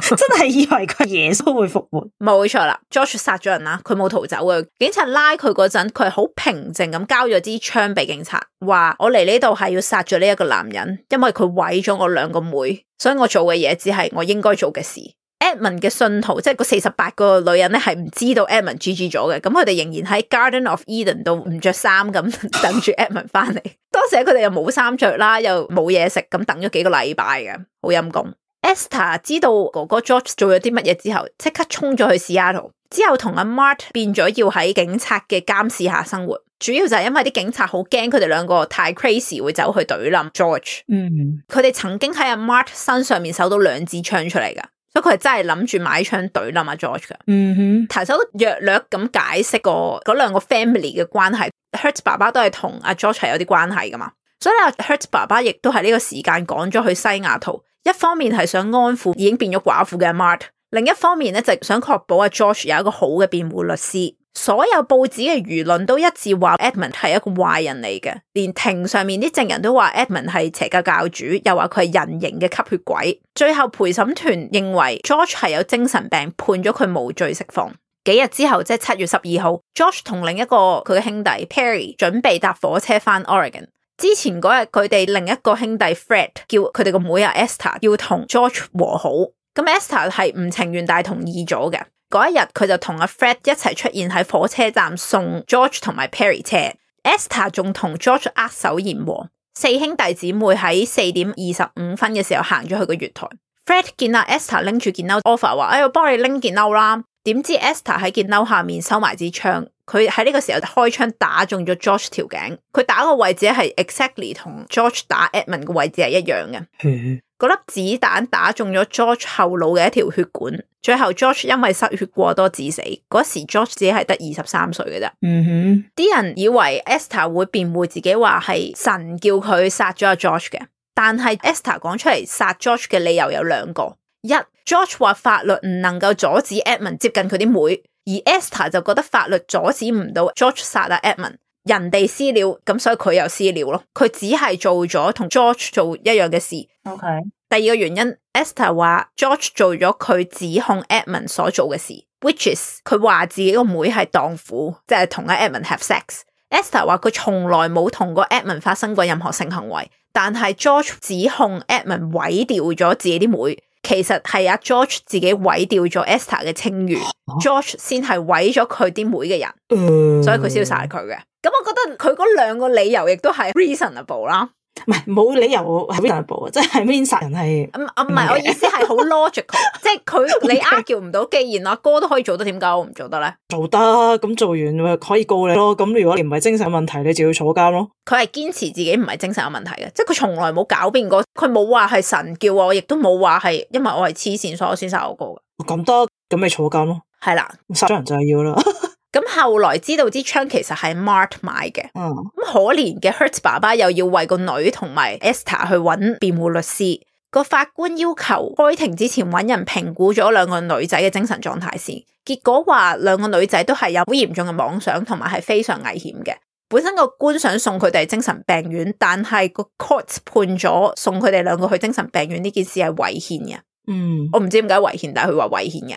Speaker 2: 真係以為佢耶穌會復活。
Speaker 1: 冇錯啦 George 殺咗人啦，佢冇逃走嘅。警察拉佢嗰陣，佢係好平靜咁交咗支槍俾警察，話我嚟呢度係要殺咗呢一個男人，因為佢毀咗我兩個妹，所以我做嘅嘢只係我應該做嘅事。Edmund 嘅信徒，即係個四十八個女人咧，係唔知道 Edmund GG 咗嘅，咁佢哋仍然喺 Garden of Eden 度唔着衫咁 等住 Edmund 翻嚟。當時佢哋又冇衫着啦，又冇嘢食，咁等咗幾個禮拜嘅，好陰功。 Esther 知道哥哥 George 做咗啲乜嘢之後，即刻衝咗去 Seattle，之後同阿 m a r t 變咗要喺警察嘅監視下生活，主要就係因為啲警察好驚佢哋兩個太 crazy 會走去懟冧 George。嗯、mm，佢、hmm. 哋曾經喺阿 m a r t 身上面搜到兩支槍出嚟噶。都係真係諗住買槍懟啦嘛，George 嗯哼，抬頭、mm hmm. 略略咁解釋過嗰兩個 family 嘅關係。Hurt 爸爸都係同阿 George 有啲關係噶嘛，所以阿 Hurt 爸爸亦都係呢個時間趕咗去西雅圖，一方面係想安撫已經變咗寡婦嘅 Mark，另一方面咧就是、想確保阿、啊、George 有一個好嘅辯護律師。所有報紙嘅輿論都一致話 Edmund 係一個壞人嚟嘅，連庭上面啲證人都話 Edmund 係邪教教主，又話佢係人形嘅吸血鬼。最後陪審團認為 George 係有精神病，判咗佢無罪釋放。幾日之後，即係七月十二號，George 同另一個佢嘅兄弟 Perry 準備搭火車翻 Oregon。之前嗰日佢哋另一個兄弟 Fred 叫佢哋個妹啊 Esther 要同 George 和好，咁 Esther 係唔情願，大同意咗嘅。嗰一日佢就同阿 Fred 一齊出現喺火車站送 George 同埋 Perry 車，Esther 仲同 George 握手言和。四兄弟姐妹喺四點二十五分嘅時候行咗去個月台。Fred 見阿 Esther 拎住件褸，offer 話：，哎，我幫你拎件褸啦。點知 Esther 喺件褸下面收埋支槍，佢喺呢個時候開槍打中咗 George 條頸。佢打個位置係 exactly 同 George 打 Edmund 嘅位置係一樣嘅。嗯嗰粒子彈打中咗 George 後腦嘅一條血管，最後 George 因為失血過多致死。嗰時 George、mm hmm. 自己係得二十三歲嘅啫。啲人以為 Esther 會辯護自己話係神叫佢殺咗阿 George 嘅，但係 Esther 講出嚟殺 George 嘅理由有兩個：一 George 話法律唔能夠阻止 Edmund 接近佢啲妹，而 Esther 就覺得法律阻止唔到 George 殺阿 Edmund。人哋私了，咁所以佢又私了咯。佢只係做咗同 George 做一樣嘅事。OK，第二個原因，Esther 話 George 做咗佢指控 Edmond 所做嘅事，which is 佢話自己個妹係蕩婦，即係同阿 Edmond have sex。Esther 話佢從來冇同過 Edmond 發生過任何性行為，但係 George 指控 Edmond 毀掉咗自己啲妹。其實係阿 George 自己毀掉咗 Esther 嘅清譽，啊、George 先係毀咗佢啲妹嘅人，嗯、
Speaker 2: 所以佢燒殺
Speaker 1: 佢嘅。咁我覺得佢嗰兩個理由亦都係 reasonable 啦。唔係冇理由。我
Speaker 2: 係 double 啊，即係 mean 殺人係唔
Speaker 1: 唔唔係，我意思係好 logical， 即係佢 Okay. 你 argue 唔到，既然阿哥都可以做，做，做得，點解我唔做得咧？
Speaker 2: 做得咁做完咪可以告你咯，咁如果你唔係精神問題，你就要坐監咯。
Speaker 1: 佢係堅持自己唔係精神有問題嘅，即係佢從來冇狡辯過，佢冇話係神叫我，亦都冇話係因為我係黐線，所以我先殺我哥噶。
Speaker 2: 咁得，咁咪坐監咯。係啦的，殺咗人就係要啦。
Speaker 1: 咁後來知道支槍其實係 Mart 買嘅，咁、oh. 可憐嘅 Hurt 爸爸又要為個女同埋 Esther 去揾辯護律師，個法官要求開庭之前揾人評估咗兩個女仔嘅精神狀態先，結果話兩個女仔都係有好嚴重嘅妄想，同埋係非常危險嘅。本身個官想送佢哋精神病院，但係個 Court 判咗送佢哋兩個去精神病院呢件事係違憲嘅。嗯，mm. 我唔知點解違憲，但係佢話違憲嘅。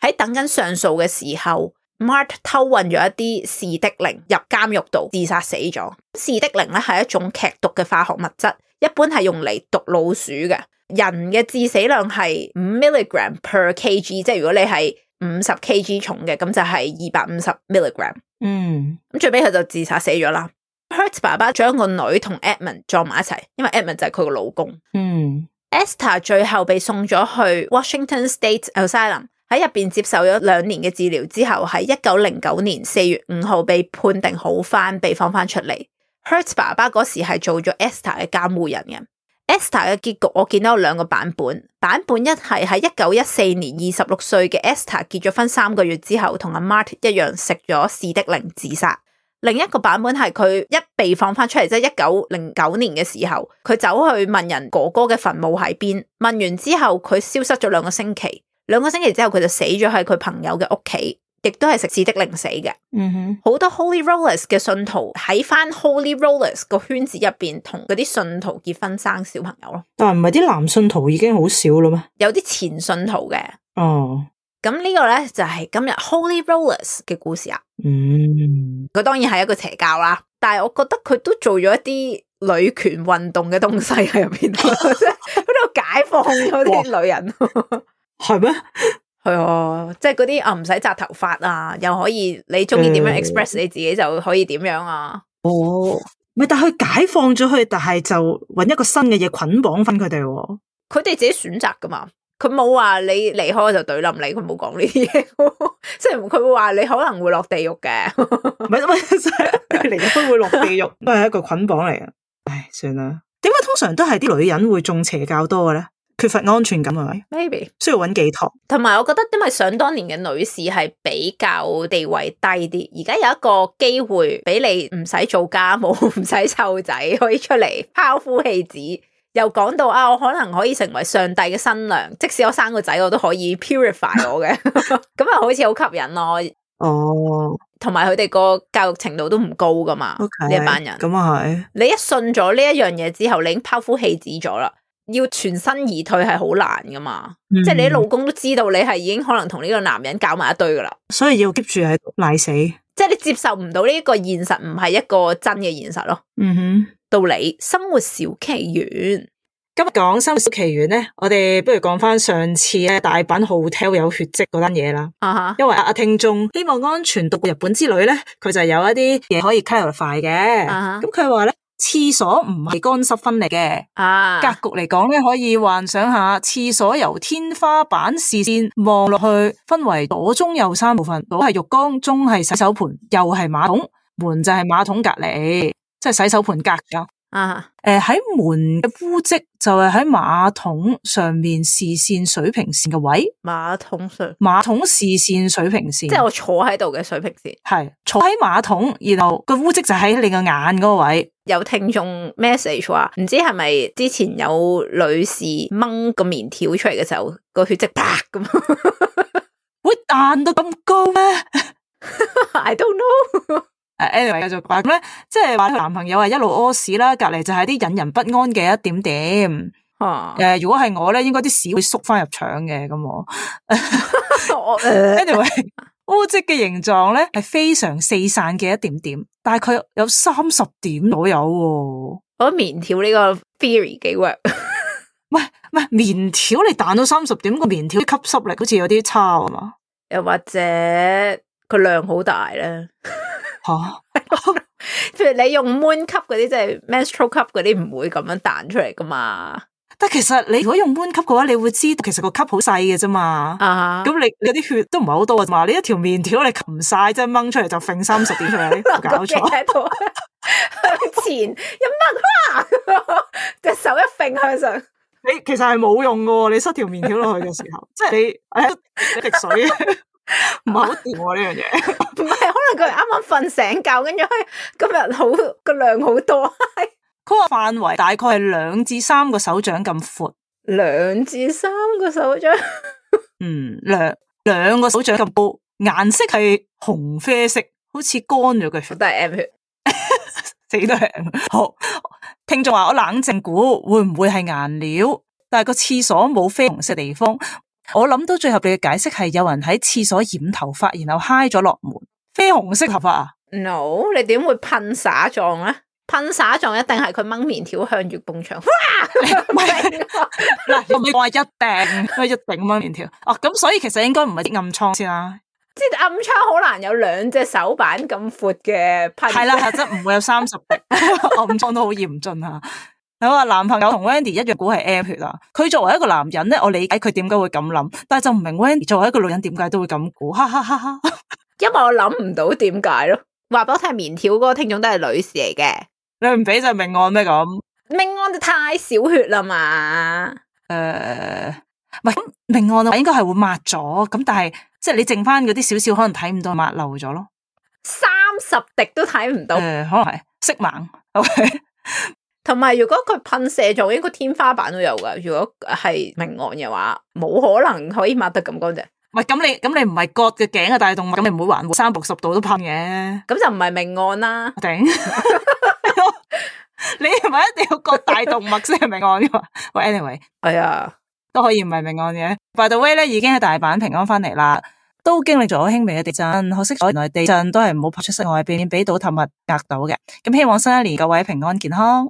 Speaker 1: 喺等緊上訴嘅時候。Mark 偷運咗一啲士的靈入監獄度自殺死咗。士的靈咧係一種劇毒嘅化學物質，一般係用嚟毒老鼠嘅。人嘅致死量係五 milligram per kg，即係如果你係五十 kg 重嘅，咁就係二百五十 milligram。嗯，咁最尾佢就自殺死咗啦。嗯，Hurt 爸爸將個女同 Edmund 撞埋一齊，因為 Edmund 就係佢個老公。嗯，Esther 最後被送咗去 Washington State Asylum。喺入邊接受咗兩年嘅治療之後，喺一九零九年四月五號被判定好翻，被放翻出嚟。Hurt 爸爸嗰時係做咗 Esther 嘅監護人嘅。Esther 嘅結局我見到有兩個版本，版本一係喺一九一四年二十六歲嘅 Esther 結咗婚三個月之後，同阿 Martin 一樣食咗士的寧自殺。另一個版本係佢一被放翻出嚟，即係一九零九年嘅時候，佢走去問人哥哥嘅墳墓喺邊，問完之後佢消失咗兩個星期。兩個星期之後佢就死咗喺佢朋友嘅屋企，亦都係食屎的零死嘅。嗯
Speaker 2: 哼，
Speaker 1: 好多 Holy Rollers 嘅信徒喺翻 Holy Rollers 個圈子入邊同嗰啲信徒結婚生小朋友咯。
Speaker 2: 但係唔係啲男信徒已經好少啦咩？有啲
Speaker 1: 前信徒嘅哦。咁呢個咧就係今日 Holy Rollers 嘅故事啊。
Speaker 2: 嗯，
Speaker 1: 佢當然係一個邪教啦，但係我覺得佢都做咗一啲女權運動嘅東西喺入邊，喺度 解放咗啲女人。係咩？係啊，即係嗰啲啊，唔使紮頭髮啊，又可以你中意點樣 express 你自己就可以點樣啊。
Speaker 2: 哦，咪但係佢解放咗佢，但係就搵一個新嘅嘢捆綁翻佢哋。
Speaker 1: 佢哋自己選擇噶嘛，佢冇話你離開就懟冧你，佢冇講呢啲嘢。即係佢會話你可能會落地獄嘅，唔係
Speaker 2: 咩？佢離開會落地獄都係一個捆綁嚟嘅。唉，算啦。點解通常都係啲女人會中邪教多嘅咧？缺乏安全感係咪？Maybe 需要揾寄託，
Speaker 1: 同埋我覺得，因為想當年嘅女士係比較地位低啲，而家有一個機會俾你唔使做家務，唔使湊仔，可以出嚟拋夫棄子。又講到啊，我可能可以成為上帝嘅新娘，即使我生個仔，我都可以 purify 我嘅，咁啊，好似好吸引咯。
Speaker 2: 哦，
Speaker 1: 同埋佢哋個教育程度都唔高噶嘛，呢一 Okay. 班人。
Speaker 2: 咁啊係，
Speaker 1: 你一信咗呢一樣嘢之後，你已經拋夫棄子咗啦。要全身而退係好難噶嘛，mm hmm. 即係你老公都知道你係已經可能同呢個男人搞埋一堆噶啦，
Speaker 2: 所以要 keep 住喺賴死，
Speaker 1: 即係你接受唔到呢個現實，唔係一個真嘅現實咯。嗯哼、
Speaker 2: mm，hmm. 到你生活小奇緣，今日講生活小奇緣咧，我哋不如講翻上次咧大品 h o 有血跡嗰單嘢啦。啊、uh huh. 因為阿啊聽眾希望安全讀日本之旅咧，佢就有一啲嘢可以 accelerate 嘅。咁佢話咧。Huh. 廁所唔係乾濕分離嘅，啊，格局嚟講咧，可以幻想下廁所由天花板視線望落去，分為左中右三部分，左係浴缸，中係洗手盆，右係馬桶，門就係馬桶隔籬，即係洗手盆隔噶，啊哈，誒喺、呃、門嘅污漬就係喺馬桶上面視線水平線嘅位，馬桶上，馬桶視線水平線，即係我坐喺度嘅水平線，係坐喺馬桶，然後個污漬就喺你個眼嗰個位。
Speaker 1: 有聽眾 message 話唔知係咪之前有女士掹個棉條出嚟嘅時候個血跡啪咁
Speaker 2: 會彈到咁高咩 I don't know、uh, anyway,。誒，anyway 繼續講咧，即係話男朋友係一路屙屎啦，隔籬就係啲引人不安嘅一點點。誒，Huh. uh, 如果係我咧，應該啲屎會縮翻入腸嘅咁。 呃、anyway Anyway, 污漬嘅形狀咧係非常四散嘅一點點，但係佢有三十點左右。我覺得棉條呢個 theory 幾 work？唔係，唔係棉條你彈到三十點，個棉條吸濕力好似有啲差啊嘛？又或者佢量好大咧？吓？譬如你用 moon cup
Speaker 1: 嗰啲即係 menstrual cup 嗰啲，唔會咁樣彈出嚟噶嘛？
Speaker 2: 但其實你如果用半吸嘅話，你會知道其實個吸好細嘅啫嘛。咁、uh huh. 你有啲血都唔係好多啊嘛。你一條麵條你吸唔晒，即掹出嚟就揈三十點出嚟，你搞錯。向前一掹，隻手一揈向上，你其實係冇用嘅。你塞條麵條落去嘅時候，即係 你誒滴水，唔係好掂喎呢樣嘢。
Speaker 1: 唔係，可能佢啱啱瞓醒覺，跟住今日好個量好
Speaker 2: 多。 嗰個範圍大概係兩至三個手掌咁闊，兩至三個手掌， 嗯，兩兩個手掌咁高，顏色係紅啡色，好似乾咗嘅都係 M 血， 死都係。好，聽眾話我冷靜估會唔會係顏料，但係個廁所冇啡紅色地方，我諗到最後畀嘅解釋係有人喺廁所染頭髮，然後嗨咗落門，啡紅色頭髮啊
Speaker 1: ？No，你點會噴灑狀咧？噴灑狀一定係佢掹棉條向月蹦牆，唔
Speaker 2: 係唔我話一掟，佢一頂掹棉條。哦、啊，咁、啊啊、所以其實應該唔係啲暗瘡先啦，
Speaker 1: 即係暗瘡好難有兩隻手板咁闊嘅噴。係啦，否則
Speaker 2: 唔會有三十。 暗瘡都好嚴峻啊！我啊，男朋友同 Wendy 一樣估係 M 血啊。佢作為一個男人咧，我理解佢點解會咁諗，但係就唔明 Wendy 作為一個女人，點解都會咁估。哈哈
Speaker 1: 哈！因為我諗唔到點解咯。話俾我聽，棉條嗰個聽眾都係女士嚟嘅。
Speaker 2: 你唔俾就命案咩咁？命案就太少血啦嘛。誒、呃，唔係命案啊，應該係會抹咗。咁但係即係你剩翻嗰啲少少，可能睇唔到抹漏咗咯。三十滴都睇唔到。誒、呃，可能係色盲。O
Speaker 1: K，同埋如果佢噴射狀應該天花板都有噶。如果係命案嘅話，冇可能可以抹得咁乾淨。
Speaker 2: 唔係咁，你咁你唔係割嘅頸嘅大動物，咁你唔會還三六十度都噴嘅。咁就唔係命案啦。頂。 你係咪一定要個大動物先係命案噶嘛？喂，anyway，係啊、uh，都可以唔係命案嘅。By the way 咧，已經喺大阪平安翻嚟啦，都經歷咗輕微嘅地震，可惜原來地震都係唔好跑出室外邊，避免俾倒塌物壓到嘅。咁希望新一年各位平安健康。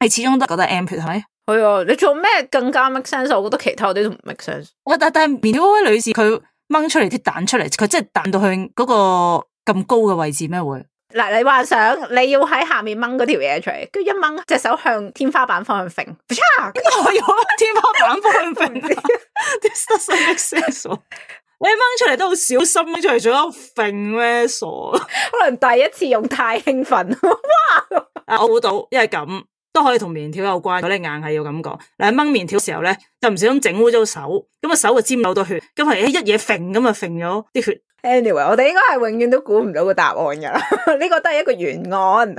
Speaker 2: 係始終都係覺得 amput 係咪？
Speaker 1: 係啊，oo, 你做咩更加 make sense？我覺得其他嗰啲都唔 make sense。
Speaker 2: 喂，oh, 但但係棉條嗰位女士，佢掹出嚟啲蛋出嚟，佢真係彈到去嗰個咁高嘅位置咩會？
Speaker 1: 嗱，你幻想你要喺下面掹嗰條嘢出嚟，跟住一掹，隻手向天花板方向揈，
Speaker 2: 叉，我用天花板方向揈 d i s, S, 你掹出嚟都好小心，掹出嚟仲有揈咩傻？ 可能第一次用太興奮，哇！ 啊，我估到，因為咁都可以同棉條有關，所以硬係要咁講。嗱，掹棉條嘅時候咧，就唔小心整污咗手，咁啊手啊沾到好多血，咁係一嘢揈咁啊揈咗啲血。Anyway，
Speaker 1: 我哋應該係永遠都估唔到個答案噶啦，呢 個都係一個懸案。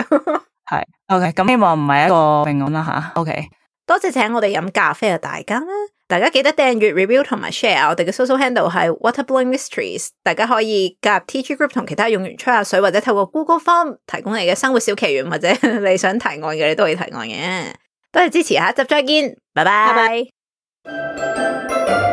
Speaker 2: 係 OK，咁、嗯、希望唔係一個命案啦吓、啊。OK，
Speaker 1: 多謝請我哋飲咖啡嘅大家啦，大家記得訂閱、review 同埋 share。我哋嘅 social handle 係 Water Blowing Mysteries，大家可以加入 T G Group 同其他用戶吹下水或者透過 Google Form 提供你嘅生活小奇懸或者你想提案嘅，你都可以提案嘅。多謝支持，下一集再見，拜拜。Bye bye.